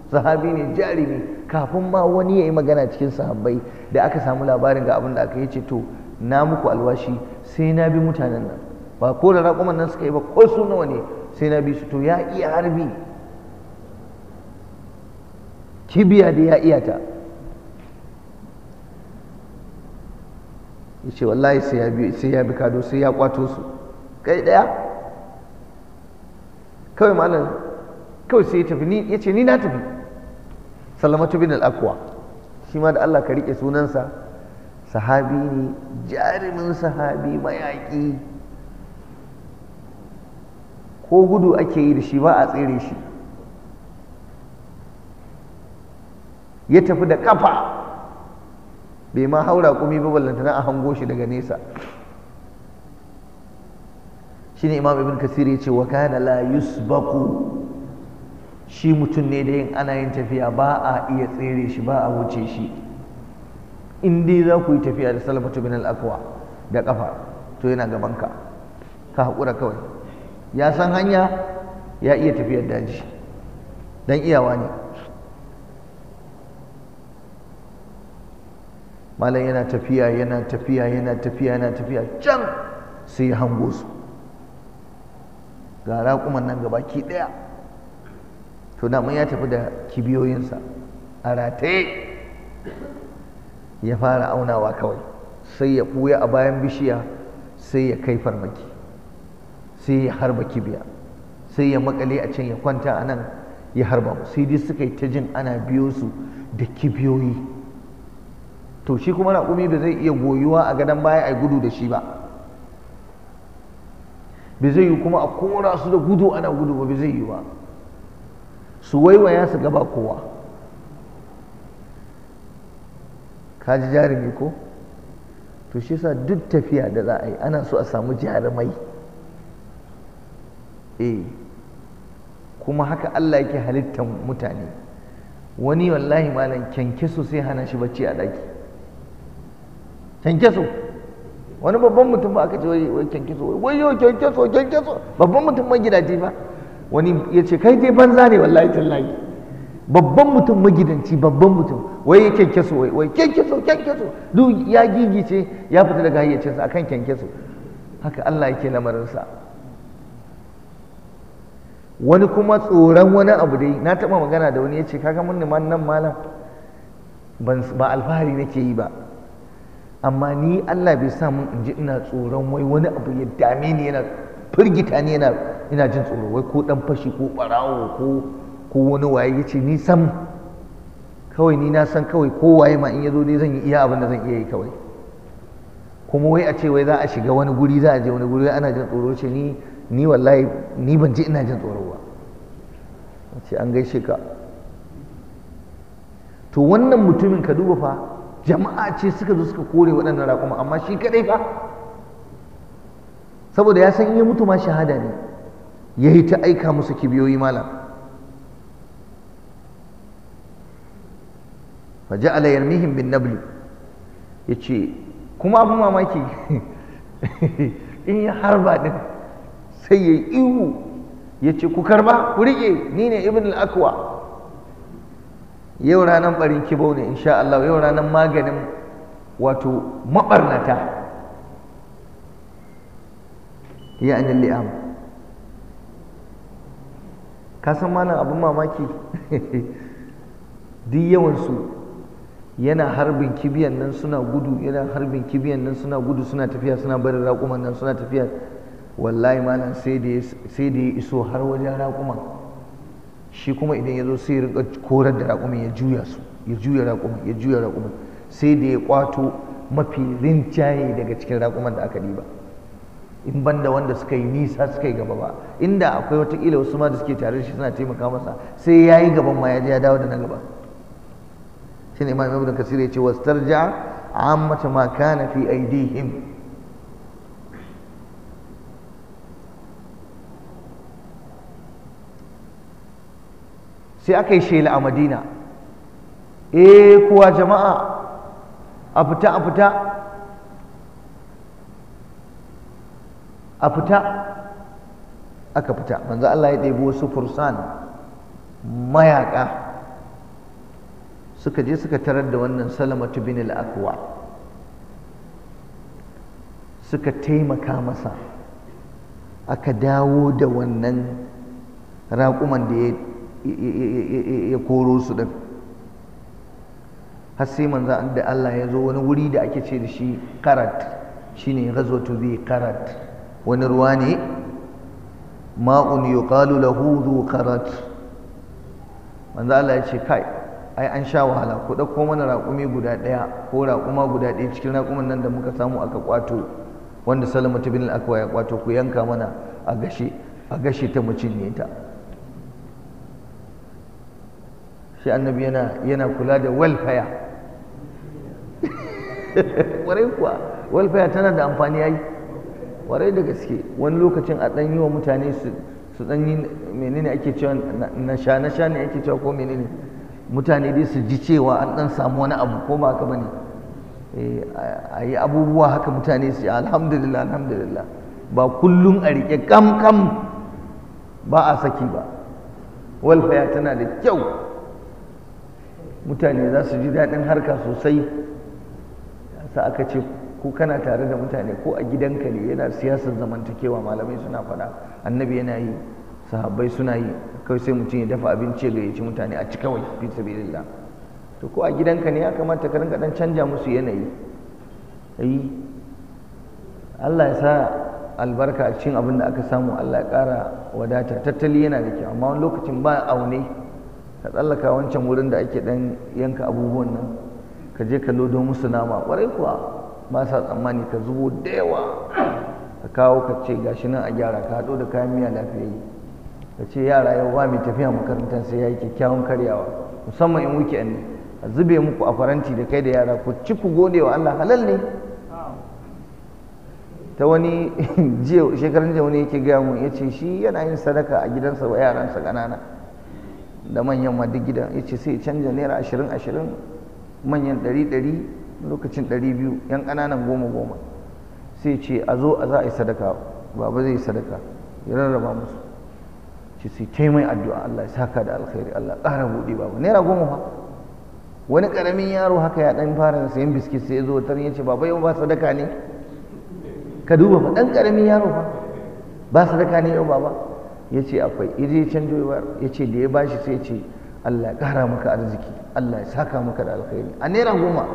sahabi ne jarumi kafin ma wani ya yi magana cikin sahabbai da aka samu labarin ga abin da aka yi ce to na muku alwashi sai na bi mutanen nan ba ko da raƙuman nan suka yi ba ko su nawa ne sai na bi su to ya iya harbi kibiya da ya iya ta ya ce wallahi sai ya bi kado sai ya kwato su kai ɗaya kawai malam kawai sai ya tafi ya ce ni na tafi salamatu bin al'akwa shi ma da Allah ka riƙe sunansa sahabi ne jarumin sahabi mayaƙi ko gudu ake yi da shi ba a tsere shi ya tafi da kafa bai ma haura kumi ba ballantana a hango shi daga nesa shine imam ibn kasir ya ce wa kana la yusbaku shi mutum ne da yin ana yin tafiya ba a iya tsere shi ba a wuce shi in dai za ku yi tafiya da salafatu bin al da kafa to yana gabanka ka haƙura kawai ya san hanya ya iya tafiyar daji don iyawa ne malam yana tafiya yana tafiya yana tafiya yana tafiya can sai ya hango su ga raƙuman nan gabaki ɗaya to da ya tafi da kibiyoyinsa a rataye ya fara aunawa kawai sai ya ɓuya a bayan bishiya sai ya kai farmaki sai ya harba kibiya sai ya makale a can ya kwanta a nan ya harba mu sai dai suka yi ta jin ana biyo su da kibiyoyi to shi kuma raƙumi ba zai iya goyuwa a gadon baya a gudu da shi ba ba zai yi kuma a kora su da gudu ana gudu ba ba zai yi ba su waiwaya su gaba kowa ka ji jarumi ko to shi sa duk tafiya da za a yi ana so a samu jarumai eh kuma haka Allah yake halittar mutane wani wallahi malam kyankyaso sai hana shi bacci a daki kyankyaso wani babban mutum ba aka ce wai kyankyaso wai yo kyankyaso kyankyaso babban mutum magidanci ba wani ya ce kai dai banza ne wallahi tallahi babban mutum magidanci babban mutum wai ya kyankyaso wai wai kyankyaso kyankyaso duk ya gigice ya fita daga hayyacinsa akan kyankyaso haka Allah yake lamarinsa wani kuma tsoron wani abu dai na taɓa magana da wani ya ce kaka mun neman nan malam ba alfahari nake yi ba amma ni Allah bai sa mun in ji ina tsoron wai wani abu ya dame ni yana firgita ni yana ina jin tsoro wai ko dan fashi ko barawo ko ko wani waye ya ce ni sam kawai ni na san kawai ko waye ma in yazo dai zan yi iya abin da zan iya yi kawai kuma wai a ce wai za a shiga wani guri za a je wani guri ana jin tsoro ce ni ni wallahi ni ban ji ina jin tsoro ba ce an gaishe ka to wannan mutumin ka duba fa jama'a ce suka zo suka kore waɗannan raƙuma amma shi kaɗai fa saboda ya san iya mutu ma shahada ne ya yi ta aika musu kibiyoyi malam fa ja'ala yarmihim bin nabli yace kuma abin mamaki [laughs] in ya harba din sai ya yi ihu ya ce ku karba ku riƙe ni ne ibn al-akwa yau ranar barin kibau ne insha Allah yau ranar maganin wato mabarnata. ya anil li'am ka san malam abin mamaki [laughs] duk yawansu yana harbin kibiyan nan suna gudu yana harbin kibiyan nan suna gudu suna tafiya suna barin raƙuman nan suna tafiya wallahi malam sai da ya iso har wajen raƙuman shi kuma idan ya zo sai ya korar da raƙumin ya juya su ya juya ya juya sai da ya kwato mafi rinjaye daga cikin raƙuman da aka ba in banda wanda suka yi nisa suka yi gaba ba inda akwai watakila wasu ma da suke tare da shi suna taimaka masa sai yayi yi gaban ma ya je ya dawo da na gaba shi ne imam ibn kasir ya ce wastarja amma ma kana fi aidihim sai aka yi shela a madina eh kuwa jama'a a fita a fita a fita aka fita manzo Allah ya ɗebo wasu fursan mayaka suka je suka tarar da wannan salamatu bin al-akwa suka taimaka masa aka dawo da wannan raƙuman da ya ya koro su ɗin har sai da Allah ya zo wani wuri da ake ce da shi karat shine ghazwatu bi karat wani ruwa ne ma'un yuqalu lahu dhu karat manza Allah ya ce kai ai an sha wahala ku ɗauko mana raƙumi guda ɗaya ko raƙuma guda ɗaya cikin raƙuman nan da muka samu aka kwato wanda salamatu bin al-akwa ya kwato ku yanka mana a gashe a ta mu cinye ta shi annabi yana yana kula da welfare [laughs] warai kuwa welfare tana da amfani yayi warai da gaske wani lokacin a ɗan yi wa mutane su su ɗan yi menene ake cewa na sha na sha ne ake cewa ko menene mutane dai su ji cewa an ɗan samu wani abu ko ba haka bane eh, a yi abubuwa haka mutane su alhamdulillah alhamdulillah ba kullum a riƙe kam kam ba a saki ba walfaya tana da kyau mutane za su ji daɗin harka sosai sa aka ce ko kana tare da mutane ko a gidanka ne yana siyasar zamantakewa malamai suna faɗa annabi yana yi sahabbai suna yi kawai sai mutum ya dafa abinci ga ya mutane a ci kawai fi sabilillah to ko a gidanka ne ya kamata ka rinka dan canja musu yanayi yi Allah ya sa albarka a cikin abin da aka samu Allah ya ƙara wadata tattali yana da kyau amma wani lokacin ba aune ka tsallaka wancan wurin da ake dan yanka abubuwan nan ka je ka lodo musu nama kwarai kuwa ba sa tsammani ka zubo da yawa ka kawo ka ce gashi nan a gyara ka haɗo da kayan miya lafiyayye ka ce yara yau ba mai tafiya makarantar sai ya yi kyakkyawan karyawa musamman in wuke ne a zube muku a faranti da kai da yara ku ci ku gode wa Allah halal ne ta wani [laughs] jiya shekaran jiya wani yake gaya mu ya ce shi yana yin sadaka a gidansa wa yaransa ƙanana da manyan ma duk gidan ya ce sai canja naira ashirin ashirin manyan ɗari ɗari lokacin ɗari biyu yan ƙananan goma goma sai ce a zo a za a yi sadaka baba zai yi sadaka ya rarraba musu ce sai ta mai addu'a Allah ya saka da alkhairi Allah ƙara buɗe baba naira goma fa wani ƙaramin yaro haka ya ɗan fara sayan biskit sai ya zo tar ya ce baba yau ba sadaka ne ka duba fa ɗan ƙaramin yaro fa ba sadaka ne yau baba ya ce akwai iri can ya ce da ya bashi sai ce Allah ya ƙara maka arziki Allah ya saka maka da alkhairi a naira goma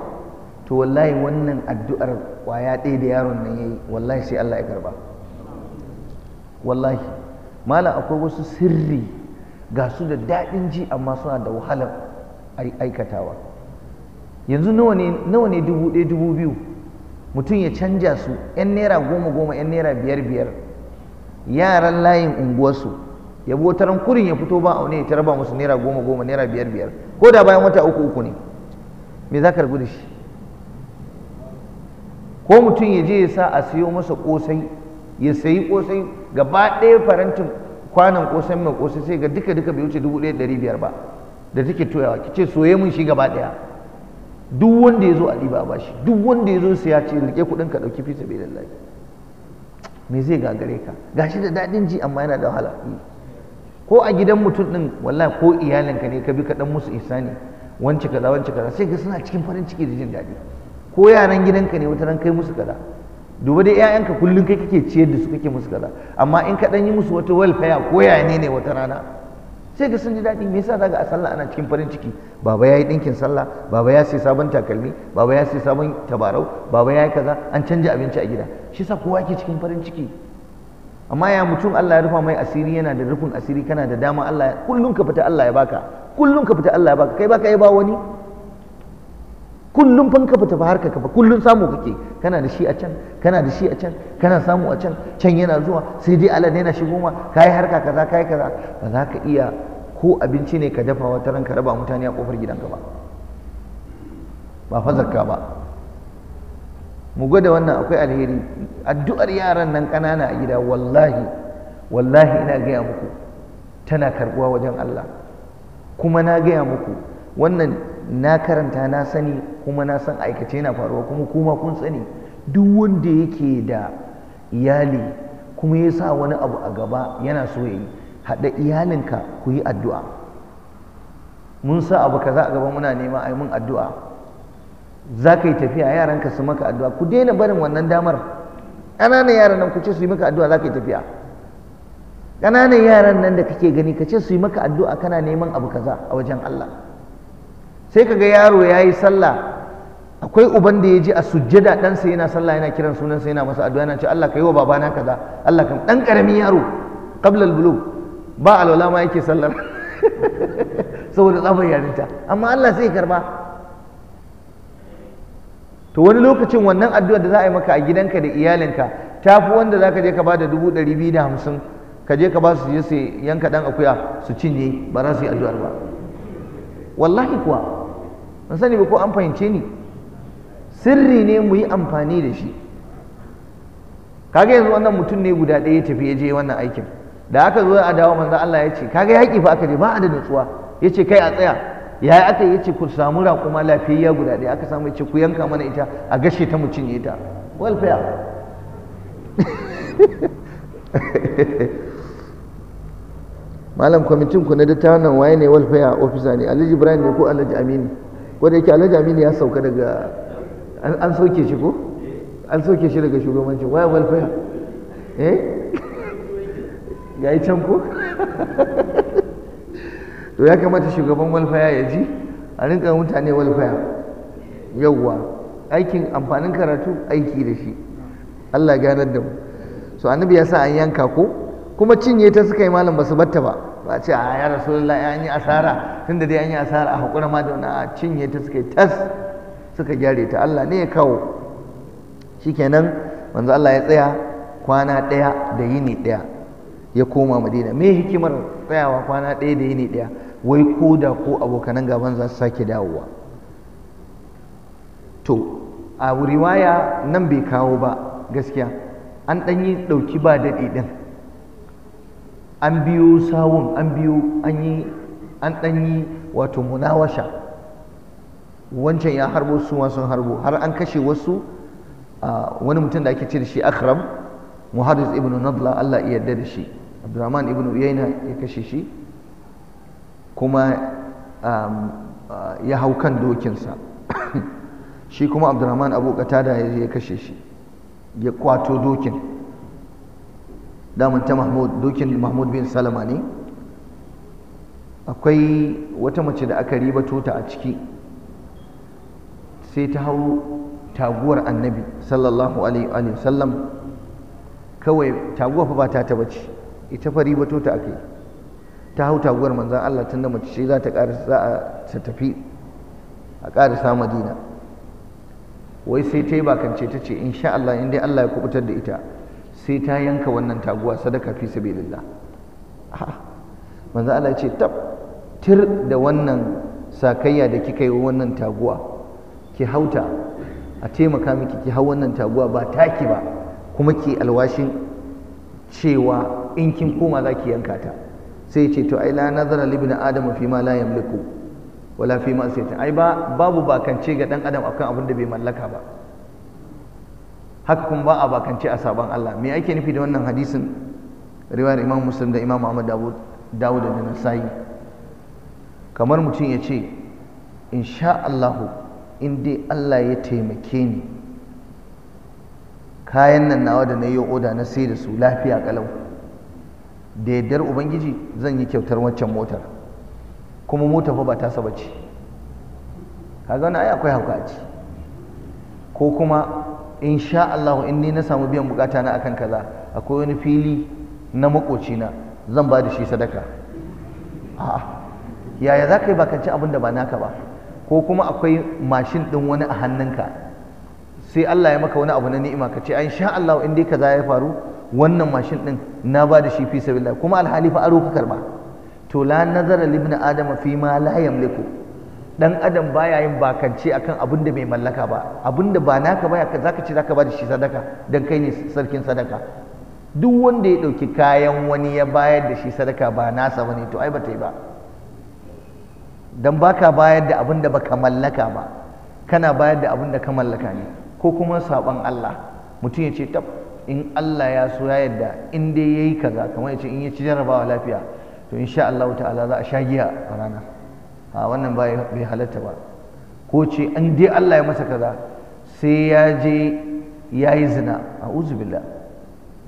to wallahi wannan addu'ar kwaya ɗaya da yaron nan ya yi wallahi sai Allah ya karba wallahi malam akwai wasu sirri ga su da daɗin ji amma suna da wahalar aikatawa yanzu nawa ne dubu ɗaya dubu biyu mutum ya canja su 'yan naira goma goma 'yan naira biyar biyar yaran layin unguwarsu ya bi wata kurin ya fito ba aune ta raba musu naira goma goma naira biyar biyar ko da bayan wata uku uku ne me za ka rabu da shi ko mutum ya je ya sa a siyo masa kosai ya sayi kosai gaba ɗaya farantin kwanan kosai mai kosai sai ga duka duka bai wuce dubu ɗaya ɗari biyar ba da take toyawa ki ce soye mun shi gaba ɗaya duk wanda ya zo a ɗiba ba shi duk wanda ya zo siya ce rike kuɗin ka ɗauki fi sabi lallahi me zai gagare ka gashi da daɗin ji amma yana da wahala e, ko a gidan mutum ɗin wallahi ko iyalinka ne ka bi ka dan musu ihsani wance kaza wance kaza sai ga suna cikin farin ciki da jin daɗi ko yaran gidanka ne wata ran kai musu kaza duba dai ƴaƴanka kullum kai kake ciyar da su kake musu kaza amma in ka dan yi musu wata welfare ko yaya ne wata rana sai ga sun ji daɗi me yasa za a sallah ana cikin farin ciki baba ya yi ɗinkin sallah baba ya sai sabon takalmi baba ya sai sabon tabarau baba ya yi kaza an canja abinci a gida shi yasa kowa ke cikin farin ciki amma ya mutum Allah ya rufa mai asiri yana da rufin asiri kana da dama Allah kullum ka fita Allah ya baka kullum ka fita Allah ya baka kai baka yi ba wani kullum fanka ba fi harka ka ba kullum samu kake kana da shi a can kana da shi a can kana samu a can can yana zuwa sai dai Allah yana shigo ma kai harka kaza kai kaza ba za ka iya ko abinci ne ka dafa wata ran ka raba mutane a kofar gidanka ba ba fa ba mu gwada wannan akwai alheri addu'ar yaran nan kanana a gida wallahi wallahi ina gaya muku tana karbuwa wajen Allah kuma na gaya muku wannan na karanta na sani kuma na san aikace na faruwa kuma kuma kun sani duk wanda yake da iyali kuma ya sa wani abu a gaba yana so ya yi haɗa iyalinka ku yi addu'a mun sa abu kaza a gaba muna nema a yi mun addu'a za ka yi tafiya yaranka su maka addu'a ku daina barin wannan damar ƙananan yaran nan ku ce su yi maka addu'a za ka yi tafiya ƙananan yaran nan da kake gani ka ce su yi maka addu'a kana neman abu kaza a wajen Allah sai ka ga yaro ya yi sallah akwai uban da ya ji a sujjada ɗansa yana sallah yana kiran sunansa yana masa addu'a yana ce Allah ka yi wa babana kaza Allah kan ɗan ƙaramin yaro qabla al ba alwala ma yake sallar [laughs] saboda tsabar yarinta amma Allah sai karba to wani lokacin wannan addua da za a yi maka a gidanka da iyalinka ta fi wanda za ka je ka ba da dubu ɗari biyu da hamsin ka je ka ba su je su yanka ɗan akuya su cinye ba za su yi addu'ar ba wallahi kuwa ban sani ba ko an fahimce ni sirri ne mu yi amfani da shi kaga yanzu wannan mutum ne guda ɗaya ya tafi ya je wannan aikin da aka zo a dawo manzo Allah ya ce kaga haƙi fa aka je ba a da nutsuwa ya ce kai a tsaya ya yi aka ce ku samu raƙuma lafiyayya guda ɗaya aka samu ya ce ku yanka mana ita a gashe ta mu cinye ta welfare [laughs] malam kwamitin ku na dattawan waye ne welfare officer ne alhaji ibrahim ne ko alhaji aminu ko da yake alhaji aminu ya sauka daga an sauke shi ko an sauke shi daga shugabancin waya walfaya eh ga yi can ko [laughs] to ya kamata shugaban walfaya ya ji a rinka mutane walfaya yauwa aikin amfanin karatu aiki da shi Allah ganar da mu so annabi ya sa an yanka ko kuma cinye ta suka yi malam basu batta ba ba ce a ya rasulullahi an yi asara tunda dai an yi asara a hakura ma da wani a cinye ta suka tas suka gyare ta Allah ne ya kawo shikenan manzo Allah ya tsaya kwana ɗaya da yini ɗaya ya koma madina me hikimar tsayawa kwana ɗaya da yini ɗaya wai ko da ko abokanan gaban za su sake dawowa to a riwaya nan bai kawo ba gaskiya an ɗan yi ɗauki ba daɗi ɗin an biyo sawun an biyo an yi an ɗanyi wato munawasha wancan ya harbo su sun harbo har an kashe wasu wani mutum da ake ce da shi akram muhadis ibn nadla Allah ya yarda da shi abdurrahman ibn uyaina ya kashe shi kuma ya hau kan dokinsa [coughs] shi kuma abdurrahman abu da ya kashe shi ya kwato dokin damun ta mahmud dukin mahmud bin salama ne akwai wata mace da aka ribato ta a ciki sai ta hau taguwar annabi sallallahu alaihi sallam kawai taguwa fa ba ta ta bace ita fa ribato ta akai ta hau taguwar manzan Allah tun da mace ce za ta ta tafi a ƙarisa madina wai sai ta yi bakance ta ce insha Allah in dai Allah ya kubutar da ita sai ta yanka wannan taguwa sadaka fi sabilillah manzo Allah ya ce tab tir da wannan sakayya da kika yi wannan taguwa ki hauta a taimaka miki ki hau wannan taguwa ba taki ba kuma ki alwashin cewa in kin koma za ki yanka ta sai ce to ai la nazara ibn adam fi ma la yamliku wala fi ma sai ai ba babu bakance ga dan adam akan abin da bai mallaka ba haka kuma ba a bakance a sabon Allah me ake nufi da wannan hadisin riwayar Imam Muslim da Imam Ahmad Dawud Dawud da Nasa'i kamar mutum ya ce insha Allahu in dai Allah ya taimake ni kayan nan nawa da na yi oda na sai da su lafiya kalau da yardar ubangiji zan yi kyautar wancan motar kuma mota fa ba ta saba ce kaga wani ai akwai hauka ko kuma sha Allah in ni na samu biyan bukata na akan kaza akwai wani fili na na zan ba da shi sadaka a'a yaya za ka yi bakanci abin da ba naka ba ko kuma akwai mashin din wani a hannunka sai Allah ya maka wani abu na ni'ima ka ce ai sha Allah in dai kaza ya faru wannan mashin din na ba da shi fi sabilillah kuma alhali fa aro ka karba to la nazara libna adama fi ma la yamliku dan adam baya yin bakance akan abin da bai mallaka ba abin da ba naka ba zaka ce zaka ba shi sadaka dan kai ne sarkin sadaka duk wanda ya dauki kayan wani ya bayar da shi sadaka ba nasa bane to ai bata yi ba dan baka bayar da abin da baka mallaka ba kana bayar da abin da ka mallaka ne ko kuma sabon Allah mutum ya ce tab in Allah ya so ya yarda in dai yayi kaza kamar ya ce in ya ci jarabawa lafiya to insha Allah ta'ala za a sha giya a ranar a wannan bai halatta ba ko ce an dai Allah ya masa kaza sai ya je ya yi zina a uzubillah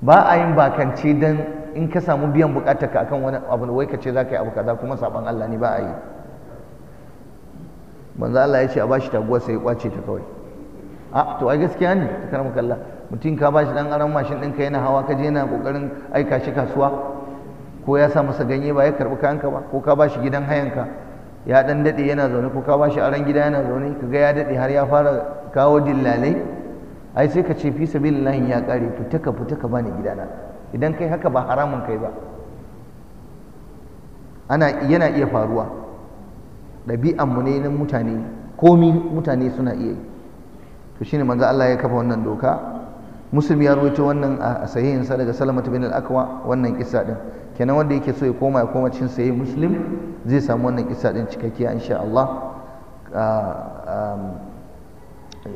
ba a yin bakance don in ka samu biyan bukatar ka akan wani abu wai ka ce za ka yi abu kaza kuma saban Allah ne ba a yi manzo Allah ya ce a bashi taguwa sai ya kwace ta kawai a to ai gaskiya ne karam kalla. mutum ka bashi dan aron mashin din ka yana hawa ka je yana kokarin aika shi kasuwa ko ya sa masa ganye ba ya karbi kayanka ba ko ka bashi gidan hayan ka? ya dan dade yana zaune ko ka bashi aran gida yana zaune ka ga ya dade har ya fara kawo dillalai ai sai ka ce fi sabilillah ya kare fita ka fita ka bani gidana idan kai haka ba haramun kai ba ana yana iya faruwa ɗabi'an mu ne na mutane komi mutane suna iya yi to shine manzo Allah ya kafa wannan doka Musulmi ya rubuta wannan a sahihin sa daga salamat bin al-akwa wannan kissa din kenan wanda yake so ya koma ya koma cikin sayi muslim zai samu wannan kissa din cikakkiya insha Allah ah,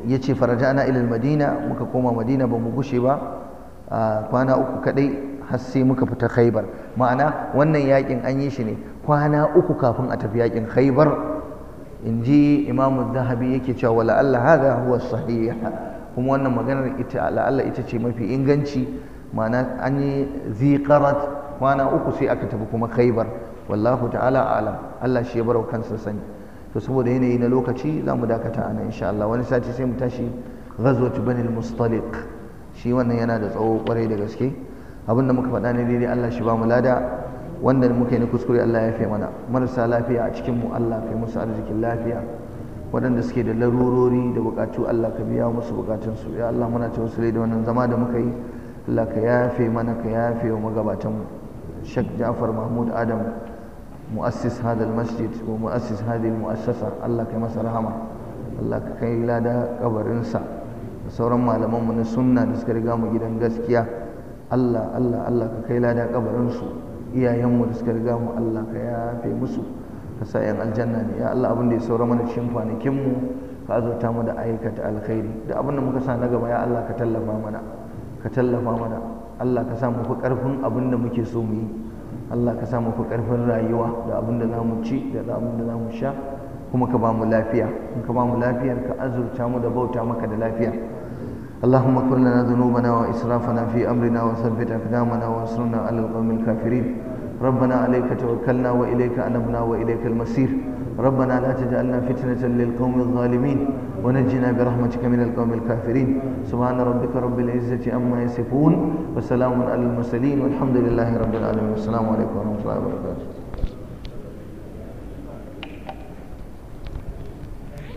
yace faraja'na ila al-madina muka koma madina ba mu gushe ba kwana uku kadai har sai muka fita khaybar ma'ana wannan yakin an yi shi ne kwana uku kafin a tafi yakin khaybar inji imamu zahabi yake cewa la'alla hadha huwa sahih kuma wannan maganar ita ita ce mafi inganci ma'ana an yi zikarat kwana uku sai aka tafi kuma khaibar wallahu ta'ala alam Allah shi ya barau kansa sani to saboda yanayi na lokaci za mu dakata a nan Allah wani sati sai mu tashi ghazwat bani al-mustaliq shi wannan yana da tsawo kwarai da gaske abinda muka faɗa ne daidai Allah shi ba mu lada wanda muka yi na kuskure Allah ya fi mana marasa lafiya a cikin mu Allah fi musu arzikin lafiya waɗanda suke da larurori da buƙatu Allah ka biya musu buƙatunsu. ya Allah muna ce wasu da wannan zama da muka yi Allah ka yafe mana ka yafe wa magabatanmu Sheikh Ja'far Mahmud Adam mu'assis hadal masjid wa mu'assis hadhihi mu'assasa Allah kai masa rahama Allah ka kai lada kabarinsa da sauran malamanmu na sunna da suka riga mu gidan gaskiya Allah Allah Allah ka kai lada kabarinsu iyayenmu da suka riga mu Allah ka yafe musu ka sa yan aljanna ne ya Allah abin da ya saura mana cikin kwanakin mu ka azurta mu da aikata alkhairi da abin da muka sa na gaba ya Allah ka tallafa mana ka tallafa mana Allah ka sa mu fi karfin abin da muke so mu yi Allah ka sa mu fi karfin rayuwa da abin da zamu ci da abin da zamu sha kuma ka ba mu lafiya in ka ba mu lafiyar ka azurta mu da bauta maka da lafiya اللهم اغفر لنا ذنوبنا واسرافنا في امرنا وثبت اقدامنا وانصرنا على القوم الكافرين ربنا عليك توكلنا وإليك أنبنا وإليك المسير ربنا لا تجعلنا فتنة للقوم الظالمين ونجنا برحمتك من القوم الكافرين سبحان ربك رب العزة أما يصفون وسلام على المرسلين والحمد لله رب العالمين السلام عليكم ورحمة الله وبركاته